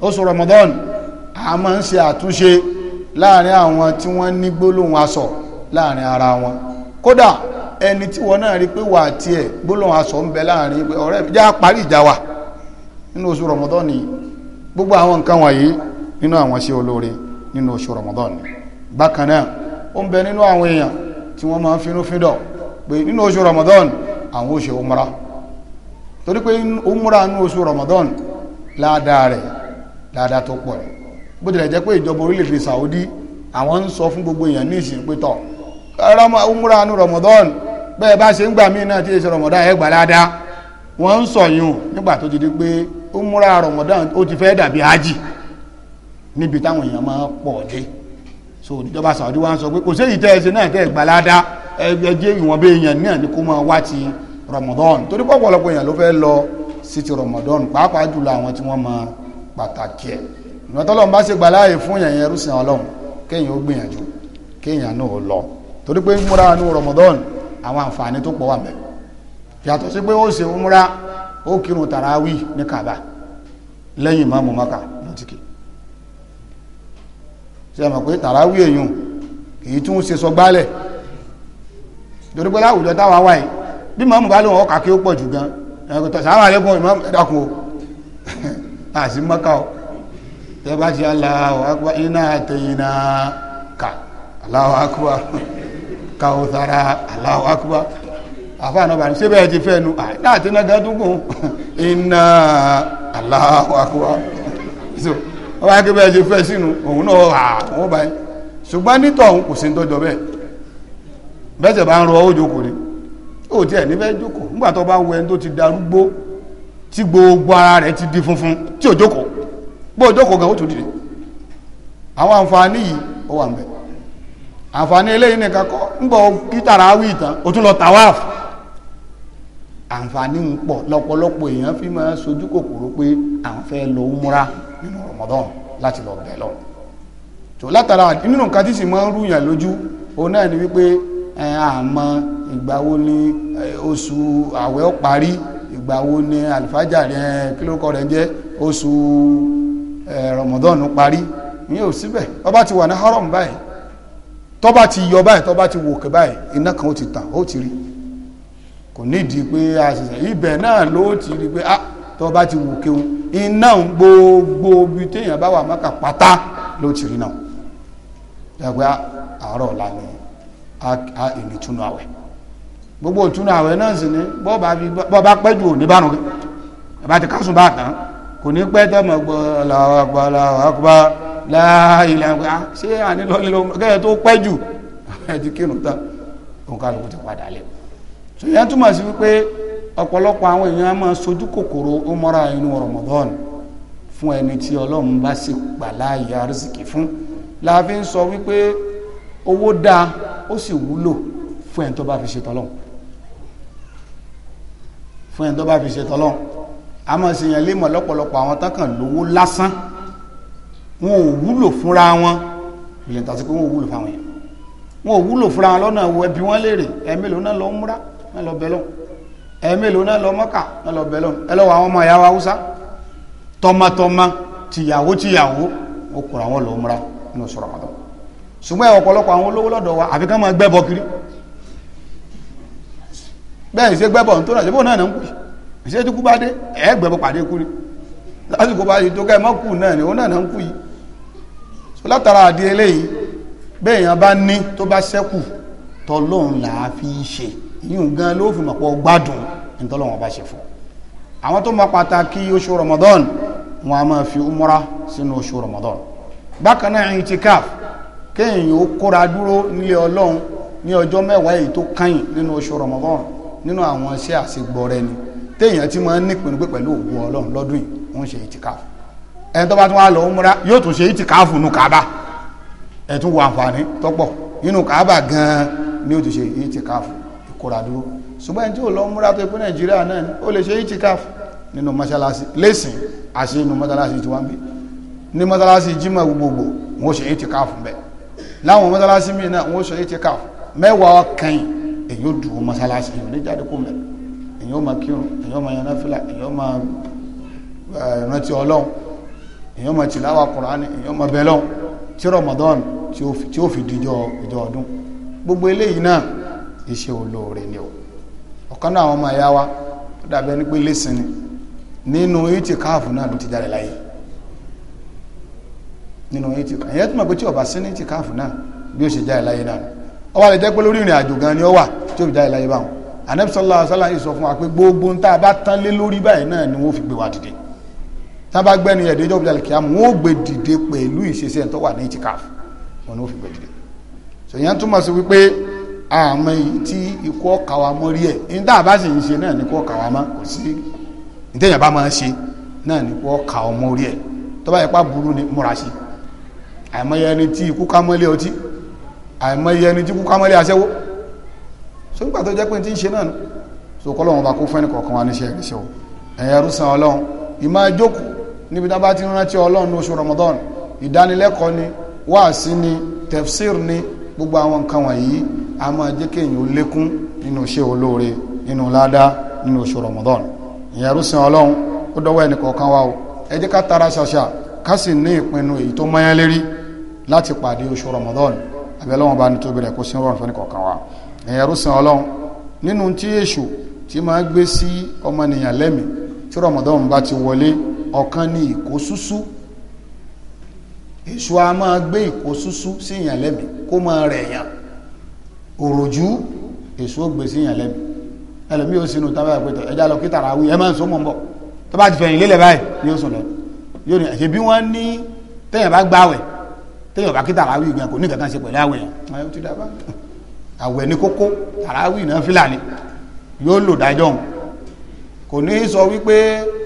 oṣù Ramadan a máa ń ṣe àtúnṣe láàrin àwọn tí wọ́n ní gbólóhùn asọ̀ láàrin ara wọn kódà ẹni tí wọ́n náà rí pé wà tiẹ̀ gbólóhùn asọ̀ ń bẹ láàrin pé ọ̀rẹ́ mi já parí ìjà wa nínú oṣù Ramadan ni gbogbo àwọn nǹkan wọ̀nyí nínú àwọn ṣe olóore nínú oṣù Ramadan bákan náà ó ń bẹ nínú àwọn èèyàn tí wọ́n máa ń finú fídọ̀ pé nínú oṣù Ramadan àwọn ó ṣe umra torí pé umra nínú oṣù Ramadan ládàá rẹ̀ dáadáa tó pọ̀ ni bó tilẹ̀ jẹ́ pé ìjọba orílẹ̀-èdè Saudi àwọn ń sọ fún gbogbo èèyàn ní ìsìn pé tọ̀ umra Ramadan bẹ́ẹ̀ bá ṣe ń gbà míì náà tí èsì Ramadan ẹ̀ gbà dáadáa wọ́n ń sọ nígbà tó ti di pé umra Ramadan ó ti fẹ́ dàbí hajj níbi táwọn èèyàn máa pọ̀ dé so ìjọba Saudi wa ń sọ pé kò sí èyí tẹ́ ẹ ṣe náà tẹ́ ẹ gbà dáadáa ẹgbẹ́ ìwọ̀n bí èèyàn náà ni kó máa wá ti Ramadan torí pọ̀pọ̀lọpọ̀ èèyàn ló fẹ́ lọ sí ti Ramadan pàápàá jùlọ àwọn tí wọ́n máa pàtàkì ẹ̀ ìwọ́n tọ́lọ́run bá ṣe gbà láàyè fún yẹ̀yẹ̀ ẹrúsìn ọlọ́run kéèyàn ó gbìyànjú kéèyàn náà lọ torí pé múra ní Ramadan àwọn àǹfààní tó pọ̀ wà mẹ́ yàtọ̀ sí pé ó ṣe múra ó kírun tàràwì ní kàbà lẹ́yìn ìmáàmù Mákà lọ́tíkì ṣe mọ̀ pé tàràwì èèyàn kìí tún ṣe sọ gbálẹ̀ torí pé láwùjọ táwa wáyé bí màmú bá lóun ọkà kí ó pọ̀ jù gan ẹ̀kọ́ tọ̀sán àwọn àlékún ìmáàmù ẹ̀dàkùn o àti mọ́ká o tẹ́ bá ti Allahu akbar iná àtẹ̀yìnà ká Allahu akbar Kawthara Allahu akbar àfáàná bá ní ṣé bẹ́ẹ̀ ti fẹ́ nu láti náà gádùnkùn iná Allahu akbar so wọ́n bá ké bẹ́ẹ̀ ti fẹ́ sínú òun náà wà wọ́n bá yín ṣùgbọ́n nítọ̀hún kò sí ń tọ́jọ bẹ́ẹ̀ bẹ́ẹ̀ tẹ̀ bá ń rọ ó jókòó ni ó tiẹ̀ níbẹ̀ jókòó nígbà tó bá wọ ẹni tó ti darúgbó tí gbogbo ara rẹ̀ ti di funfun tí ò jókòó bó o jókòó gan o tó dìde àwọn àǹfààní yìí ó wà ń bẹ àǹfààní eléyìí nìkan kọ́ ń bọ̀ kítàrà wí ìtàn o tún lọ tàwáàfù àǹfààní ń pọ̀ lọ́pọ̀lọpọ̀ èèyàn fi máa sojú kòkòrò pé à ń fẹ́ lọ múra nínú Ramadan láti lọ bẹ̀ lọ tó látara nínú nǹkan tí sì máa ń rúyàn lójú òun náà ni wípé àmọ́ ìgbà wo ni oṣù àwẹ̀ ó parí ìgbà wo ni alifájàrí ẹ kí ló kọ rẹ jẹ oṣù rọmọdọ́nù parí ìyẹn ò síbẹ̀ ọba ti wà ní haram báyìí tọ́ba ti yọ báyìí tọ́ba ti wòkè báyìí iná kan ó ti tàn ó ti rí kò nídìí pé àṣìṣe ibẹ̀ náà ló ti rí pé ah tọ́ba ti wòkè òun iná gbogbo ibi téèyàn bá wà mọ́kà pátá ló ti rí náà dàgbà àárọ̀ ọ̀la a ìnìtúnu àwẹ̀ gbogbo òtúnú àwẹ̀ náà sì ní bọ́ bá pẹ́ ju òní bánu bá ti kásùn bá tán kò ní pẹ́ tẹ́ mọ̀ gbọ́ làwọn àgbà làwọn àgbà láàilẹ̀ àgbà ṣé ànílọ́lẹ́ ló kẹ́yẹ tó pẹ́ jù ẹ ti kírun tán òun kálukú ti padà lẹ̀ ṣùgbọ́n túmọ̀ sí wípé ọ̀pọ̀lọpọ̀ àwọn èèyàn máa sojú kòkòrò ó mọ́ra inú Ramadan fún ẹni tí Ọlọ́run bá sì gbà láàyè arísìkì la fi ń sọ wípé owó dáa ó sì wúlò fún ẹni tó bá fi ṣe tọ́lọ́n àmọ́ ṣèyàn lè mọ̀ lọ́pọ̀lọpọ̀ àwọn tán kàn lówó lásán wọn ò wúlò fúnra wọn ìyẹn tàbí pé wọn ò wúlò fáwọn yẹn wọn ò wúlò fúnra wọn lọ́nà ẹ̀wọ̀ ẹbí wọn léèrè ẹ̀mélòó náà lọ ń múra náà lọ bẹ́lọ̀ ẹ̀mélòó náà lọ mọ́kà náà lọ bẹ́lọ̀ ẹ lọ́wọ́ àwọn ọmọ ìyàwó haúsá tọmọtọmọ tìyàwó tìyàwó ó kura wọn lọ múra nínú sọ̀rọ̀ bẹ́ẹ̀ ṣe gbẹ́bọ̀ tó rà ṣẹ́bọ̀ náà ń yìí ṣe tó pàdé kú ni lásìkò bá yìí tó ká mọ́ náà ni náà ń yìí so látara eléyìí bẹ́ẹ̀ bá ní tó bá ṣẹ́kù tọ́lọ́hún là á fi ṣe ìyún gan ló fi mọ̀pọ̀ gbádùn bá ṣe fún àwọn tó máa pàtàkì oṣù wọn a máa nínú àwọn iṣẹ́ àṣegbọrẹ ni téèyàn ti máa ń nípinnu pé pẹ̀lú òwú ọlọ́run lọ́dún yìí wọ́n ṣe ìtìkáfù ẹni tó bá tún wá lọ ń múra yóò tún ṣe ìtìkáfù nù kábà ẹ̀ tún wo àǹfààní tọ́pọ̀ nínú kábà gan-an ni ó ti ṣe ìtìkáfù ìkóra dúró ṣùgbọ́n ẹni tí ò lọ ń múra tó pé nàìjíríà náà ó lè ṣe ìtìkáfù nínú mọ́ṣáláṣí lẹ́sìn àṣẹ inú mọ́ṣáláṣí tí wọ́n bí ní èyí ó dùn mọ́sálásí èyí ò ní jáde kó mẹ́ èyí ó máa kírun èyí ó máa yan náfìlà èyí ó máa rántí ọlọ́run èyí ó máa tìláwà kùránì èyí ó máa bẹ lọ́run tí Ramadan tí ó fi dijọ́ ìjọ ọdún gbogbo eléyìí náà iṣẹ́ olóore ni o ọ̀kan náà àwọn ọmọ ẹ̀yà wa ó dàbẹ́ ní pé lẹ́sìn ni nínú ìtìkáàfù náà ló ti jáde láyé nínú ìtìkáàfù ẹ̀yẹ́ tó mọ̀ pé tí ọba sí ní ìtìkáàfù náà bí ó ṣe jáde láyé náà ó wá lè jẹ́ pé lórí ìrìn àjò gan ni ó wà tí ó jáde láyé báwọn anabi sallallahu alayhi wa sallam yìí sọ fún wa pé gbogbo tá a bá tán lé lórí báyìí náà ni wọ́n fi gbé wa dìde tá a bá gbẹ́ni ẹ̀dẹ́ ìjọba ìjọba kìá mú ó gbé dìde pẹ̀lú ìṣesẹ́ tó wà ní itikaf wọn ni wọ́n fi gbé dìde sèyàn túmọ̀ sí wípé àmọ́ tí ikú ọ̀kà wa mọ́ rí ẹ̀ ní tá a bá sì ń ṣe náà ní ikú ọ̀kà wa mọ́ kò sí ìtẹ̀yìn bá máa ń ṣe náà ní ikú ọ̀kà ọmọ rí ẹ̀ tó bá pa burú ni múra sí àmọ́ ẹni tí ikú ká mọ́lé ọtí àìmọye ẹni tí kú kámọ́lé aṣẹ́wó so nígbà tó jẹ́ pé tí ń ṣe náà nù so kọ́ lọ́wọ́n bá kó fẹ́ni kọ̀ọ̀kan wa níṣẹ́ ìrìṣẹ́ o ẹ̀yẹ rúsan ọlọ́run ìmọ̀ ẹjọ́kù níbi dábàá ti rántí ọlọ́run ní Ramadan ìdánilẹ́kọ̀ọ́ ni wáàsí ni tefsir ni gbogbo àwọn nǹkan wọ̀nyí a máa jẹ́ kéèyàn ó lékún nínú iṣẹ́ olóore nínú ládá nínú oṣù Ramadan ìyẹn rúsan ọlọ́run ó dọ́wọ́ ẹnì kọ̀ọ̀kan wa o ẹ jẹ́ ká tara ṣàṣà ká sì ní ìpinnu èyí tó mọ́yán lérí láti pàdé oṣù Ramadan abẹ́lẹ́wọ̀n bá ní tóbi rẹ̀ kó sí rọrùn fẹ́ni kọ̀ọ̀kan wa ẹ̀yẹ rúsan ọlọ́run nínú tí èṣù tí máa gbé sí ọmọnìyàn lẹ́mí tí rọmọdọ́n bá ti wọlé ọ̀kan ní ìkó súsú èṣù a máa gbé ìkó súsú sí èèyàn lẹ́mí kó máa rẹ̀ yàn òròjú èṣù ó gbé sí èèyàn lẹ́mí ẹlòmí ò sínú tábà ìpẹ́tọ̀ ẹjá lọ kí tàràwí ẹ máa ń sọmọ ń bọ̀ tó bá ti fẹ̀yìn lélẹ̀ báyìí ni ó sùn yóò ní àṣẹ bí wọ́n ní tẹ́yàn bá gbáwẹ̀ téèyàn bá kí tàràwì gan kò ní kankan ṣe pẹ̀lú àwẹ̀ àwẹ̀ ní kókó tàràwì náà fìlà ni yóò lò dájọ́ òun kò ní sọ wípé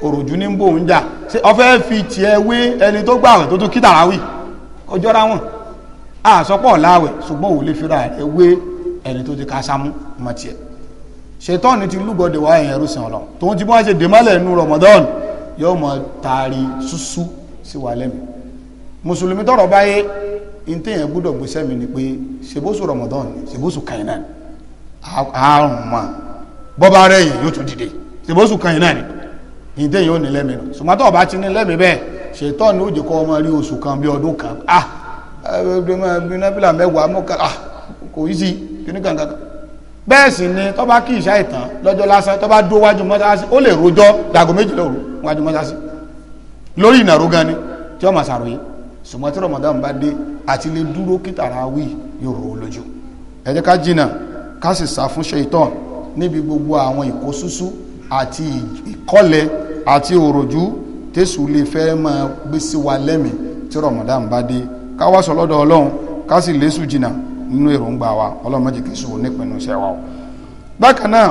òròjú ní bò ń jà ṣé ọfẹ́ fi tiẹ̀ wé ẹni tó gbà àwẹ̀ tó tún kí tàràwì ọjọ́ ra wọn àsọpọ̀ láwẹ̀ ṣùgbọ́n òun lè fira rẹ̀ wé ẹni tó ti ká sámú mọ́ tiẹ̀ ṣetán ti lúgọdẹ wá ẹ̀yìn ẹrú sìn ọlọ́run tó ń ti bọ́ ṣe dèmálẹ̀ nú rọmọdán yóò mọ taari súsú sí wa lẹ́mìí mùsùlùmí tọrọ báyé ní téèyàn gbúdọ̀ gbèsè mi ni pé ṣèbóṣù Ramadan ni ṣèbóṣù kàyìn náà ni àrùn mọ́ bọ́bá rẹ̀ yìí yóò tún dìde ṣèbóṣù kàyìn náà ni ní téèyàn ò ní lẹ́mìí nù sùmọ́tọ̀ ọba ti ní lẹ́mìí bẹ́ẹ̀ ṣètọ́ ni ó jẹ́ kọ́ ọmọ rí oṣù kan bí ọdún kan ah bínábílà mẹ́wàá mọ́ka ah kò yí sí kíní kankan bẹ́ẹ̀ sì ni tó bá kí ìṣá ìtàn lọ́jọ́ lásán tó bá dó wájú mọ́sáàsì ó lè rojọ́ dàgọ́ méjìlá wájú mọ́sáàsì lórí ìnàró gan ni tí ó máa ṣùgbọ́n tí Ramadan bá dé àti lè dúró kí tàràwí yóò rò ó lójú ẹ jẹ́ ká jìnà ká sì sá fún ṣaitan níbi gbogbo àwọn ìkósúsú àti ìkọ́lẹ̀ àti òròjú tẹ́sù lè fẹ́ máa gbé sí wa lẹ́mìí tí Ramadan bá dé ká wá sọ lọ́dọ̀ Ọlọ́run ká sì lésù jìnà nínú èròǹgbà wa Ọlọ́run má jẹ́ kí nípinnu iṣẹ́ wa bákan náà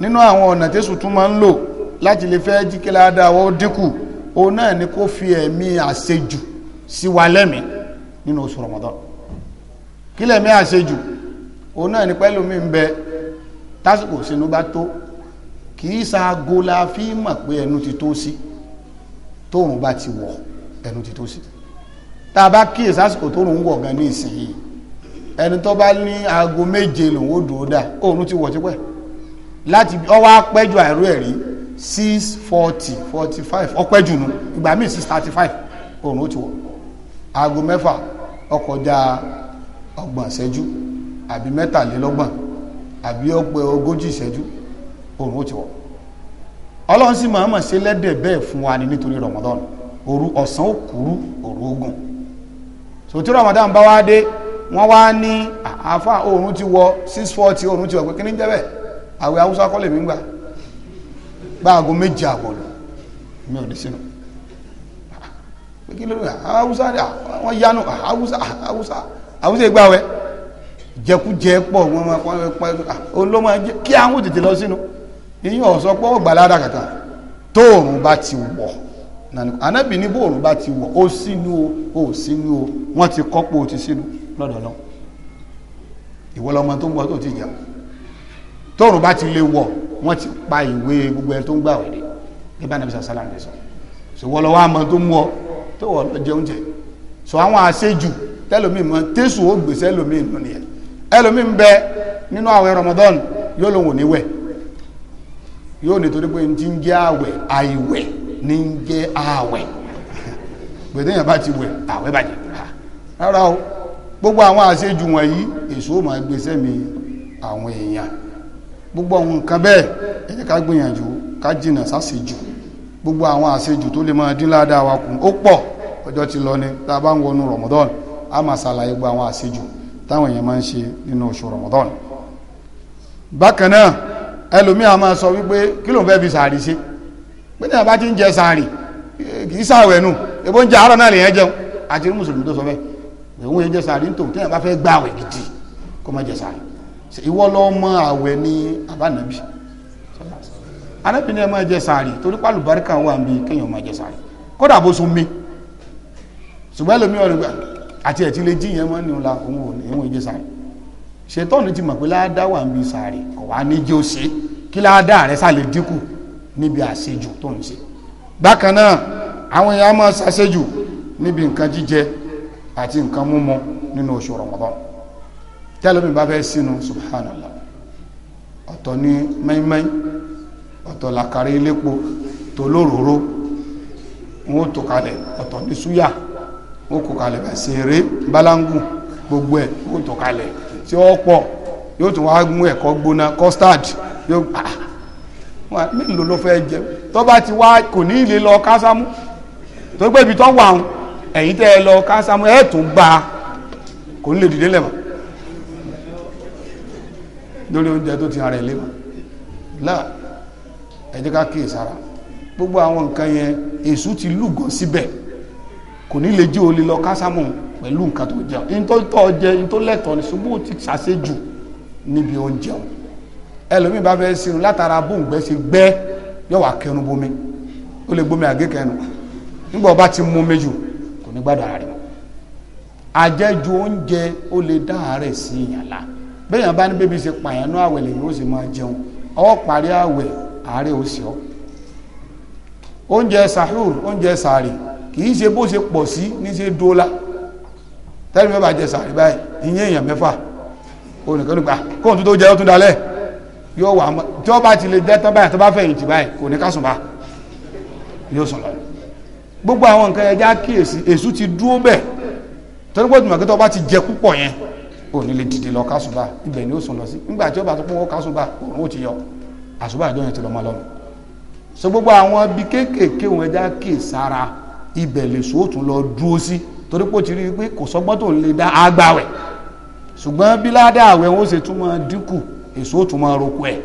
nínú àwọn ọ̀nà tẹ́sù tún máa ń lò láti lè fẹ́ jíkẹ́lá dáwọ́ dínkù òun náà ni kó fi ẹ̀mí àṣejù sí wa lẹ́mí nínú oṣù Ramadan kí lẹ́mí àṣejù òun náà ní pẹ́lú mi ń bẹ tásìkò sínú bá tó kì í ṣaago la fi mọ̀ pé ẹnu ti tó sí tóòrùn bá ti wọ̀ ẹnu ti tó sí tá a bá kíyè sásìkò ń wọ̀ gan ní ìsinyìí ẹni tó bá ní aago méje lòun ó dùn ó dà ti wọ̀ tipẹ́ láti ọwọ́ apẹ́jù àìrú ẹ̀rí six forty aago mẹ́fà ọkọjá ọgbọ̀n ìṣẹ́jú àbí mẹ́tàlélọ́gbọ̀n àbí ọgbẹ́ ogójì ìṣẹ́jú òun ó ti wọ̀ ọlọ́run sì máa ń mọ̀ sí lẹ́dẹ̀ bẹ́ẹ̀ fún wa ni nítorí Ramadan òru ọ̀sán òkúrú òru ogun sòtí Ramadan bá wá dé wọ́n wá ní àáfà òun ti wọ six forty òun ti wọ̀ pé kí ni jẹ́ bẹ́ẹ̀ àwẹ̀ haúsá kọ́lẹ̀ mi ń gbà gbáàgó méjì àbọ̀lù mi ò dé sínú pé kí ló dé haúsá wọn yánu haúsá haúsá haúsá ìgbà wẹ jẹkújẹ pọ̀ wọn máa pọn pọn ah, òun ló máa jẹ kí àwọn tètè lọ sínú iyún ọ̀sọ́ pọ̀ ọgbà lára kàkà tóòrùn bá ti wọ̀ anábì ní bóòrùn bá ti wọ̀ ó sínú o ó sínú o wọ́n ti kọ́pọ̀ ó ti sínú lọ́dọ̀ náà ìwọ lọmọ tó ń bọ̀ tó ti jà tóòrùn bá ti lè wọ̀ wọ́n ti pa ìwé gbogbo ẹ tó ń gbà wẹ̀dẹ̀ nígbà nàbí sàṣálà ń lè sọ ṣùgbọ́n lọ́wọ́ àmọ́ tó mú ọ tó wọ̀ lọ jẹun jẹ sọ àwọn àṣejù tẹlomi mọ tẹsù ó gbèsè ẹlòmíì nù nìyẹn ẹlòmíì ń bẹ nínú àwẹ̀ Ramadan yóò lòun ò ní wẹ̀ yóò nítorí pé ti ń jẹ́ àwẹ̀ àìwẹ̀ ní ń jẹ́ àwẹ̀ gbèdéyàn bá ti wẹ̀ àwẹ̀ bàjẹ́ rárá o gbogbo àwọn àṣejù wọ̀nyí èso ò máa gbèsè mi àwọn èèyàn gbogbo àwọn nǹkan bẹ́ẹ̀ ẹ jẹ́ ká gbìyànjú ká jìnà sáṣejù gbogbo àwọn àṣejù tó lè máa dín ládàá wa kù ó pọ̀ ọjọ́ ti lọ ni tá a bá ń wọnú Ramadan a máa ṣàlàyé gba àwọn àṣejù táwọn èèyàn máa ń ṣe nínú oṣù Ramadan bákan náà ẹlòmíì a máa sọ wípé kí ló ń fẹ́ fi sàárì ṣe pé ní àbá ti ń jẹ sàárì kì í sàwẹ̀ nù ebó ń jẹ àárọ̀ náà lèyàn jẹun àti ní mùsùlùmí tó sọ bẹ́ẹ̀ òun yẹn jẹ sàárì nítorí téèyàn bá fẹ́ gbààwẹ̀ gidi kó má jẹ sàárì ìwọ lọ mọ àwẹ̀ ní àbánabi arábìnrin ẹ máa jẹ sàárì torí pálùbáríkà wà ń bi kéèyàn máa jẹ sàárì kódà bó so mi ṣùgbọ́n ẹlòmí ọ̀rìn gbà àti ẹ̀ tí lè jí yẹn mọ́ ní ọ̀la òun ò ní ìwọ̀n ìjẹ sáré ṣètọ́nù ti mọ̀ pé láàdá wà ń bi sáré kò wá ní jẹ́ òsè kí láàdá rẹ̀ sá lè dínkù níbi àṣejù tó ń ṣe bákan náà àwọn èèyàn máa ṣàṣejù níbi nǹkan jíjẹ àti nǹkan múmu nínú oṣù Ramadan tẹ́lẹ̀mí bá fẹ́ sínú subhanallah ọ̀tọ̀ ní mẹ́mẹ́ ọ̀tọ̀ làkàrí ilépo tòlóróró wọn ò tó kalẹ̀ ọ̀tọ̀ ní súyà o kò kalẹ̀ bẹ̀ sèré balangu gbogbo ẹ̀ wọn tó kalẹ̀ tí ó pọ̀ yóò tún wá mú ẹ̀kọ́ gbóná custard yóò ah mélòó ló fẹ́ jẹ tó bá ti wá kò ní ilé lọ kásámú tó gbé ibi tó wà ń ẹ̀yìn tẹ́ ẹ lọ kásámú ẹ̀ tún gbà kò ní lè dìde lẹ̀ mọ́ lórí oúnjẹ tó ti ara ẹ̀ lé mọ́ láà ẹ jẹ́ ká kíyèsára gbogbo àwọn nǹkan yẹn èṣù ti lúgọ síbẹ̀ kò ní lè jí o lè lọ kásámù pẹ̀lú nǹkan tó jẹun ìtọ́tọ́ jẹ ìtọ́lẹ̀tọ́ ni ṣùgbọ́n ó ti ṣàṣejù níbi oúnjẹun ẹlòmíì bá fẹ́ sinú látara bóńgbẹ́ ṣe gbẹ́ yóò wá kẹnu bomi ó lè bomi àgé kẹnu nígbà ọba ti mú méjù kò ní gbádùn ara rẹ̀ mọ́ àjẹjù oúnjẹ ó lè dá àárẹ̀ sí ìyànlá bẹ́ẹ̀ yẹn bá ní bébí ṣe pààyàn náà àwẹ̀ lèyìn ó sì máa jẹun ọwọ́ parí àwẹ̀ àárẹ̀ ó sì ọ́ oúnjẹ sahur oúnjẹ sàárì kì í ṣe bó ṣe pọ̀ sí ní ṣe dóòlà tẹ́lẹ̀ mẹ́fà jẹ sàrí báyìí ìyẹn èèyàn mẹ́fà onìkan nípa kóhun tó tó jẹ́ ó tún dalẹ̀ yóò wà mọ́ tí wọ́n bá ti lè dẹ́ tán báyìí tó bá fẹ̀yìntì báyìí kò ní ká sùn yóò sùn lọ. gbogbo àwọn nǹkan ẹja kíyèsí èṣù ti dúró bẹ́ẹ̀ torí pé tùmọ̀ kí tó ti jẹ púpọ̀ yẹn ò ní lè dìde lọ ká sùn ibẹ̀ ni ó sùn lọ sí nígbà tí ó bá tó pọ́n ó ká sùn bá òun ó ti yọ àsùbà ìjọ yẹn ti lọ mọ́ lọ́nu. so gbogbo àwọn ibi kéékèèké òun ẹja kíyèsára ibẹ̀ lè sóòtún lọ dúró sí torí pé o ti rí i pé kò sọgbọ́n tó lè dá agbáwẹ̀ ṣùgbọ́n bí ládàá àwẹ̀ wọn ó ṣe tún máa dínkù èso ó tún máa roko ẹ̀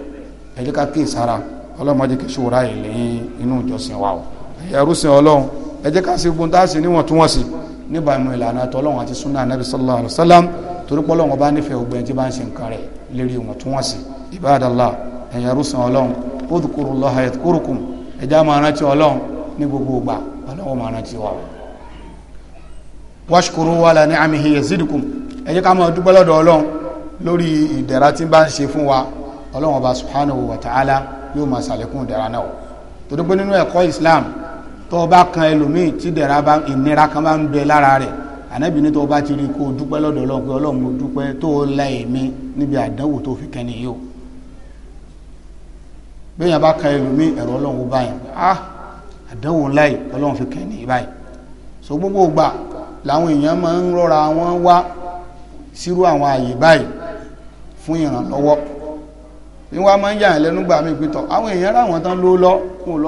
ẹ jẹ́ ká kí ìsara ọlọ́mọdé kì í ṣòro ayé lẹ́yìn inú ìjọsìn wa o ẹ̀rú sin ọlọ́run ẹ jẹ́ ká ṣe gbọ́n tá a ṣe níwọ̀ntúnwọ̀nsì níbàámu ìlànà àtọ́lọ́run àti sunnah anabi sallallahu alayhi wa sallam torí pé ọlọ́run ọba nífẹ̀ẹ́ ògbẹ́ni tí bá ń ṣe nǹkan rẹ̀ lérí ìwọ̀ntúnwọ̀nsì ibadallah ẹ̀yẹ̀rú sin ọlọ́run udhkurullaha yadhkurukum ẹ̀já máa rántí ọlọ́run ní gbogbo ó máa rántí wa wáṣukúrú wà lá ní àmì ìyẹn sídìkùn ẹ jẹ́ ká máa dúpẹ́ lọ́dọ̀ ọlọ́run lórí ìdẹ̀ra tí bá ń ṣe fún wa ọlọ́run ọba subhanahu wa ta'ala yóò máa ṣàlékún ìdẹ̀ra náà tó dúpẹ́ nínú ẹ̀kọ́ Islam tó o bá kan ẹlòmíì tí ìdẹ̀ra bá ìnira kan bá ń bẹ lára rẹ̀ ànábì ní tó o bá ti rí kó o dúpẹ́ lọ́dọ̀ ọlọ́run pé mo dúpẹ́ tó o la èmi níbi àdánwò tó fi kẹ́ni yìí o bẹ́ẹ̀ yẹn bá kan ẹlòmíì ẹ̀rọ ọlọ́run báyìí ah àdánwò ńlá yìí ọlọ́run fi kẹ́ ní báyìí so gbogbo gbà làwọn èèyàn máa ń rọra wọn wá sírú àwọn àyè báyìí fún ìrànlọ́wọ́ ní wọ́n máa ń yà lẹ́nu gbà mí pítọ̀ àwọn èèyàn ráwọn tán ló lọ́ kó lọ́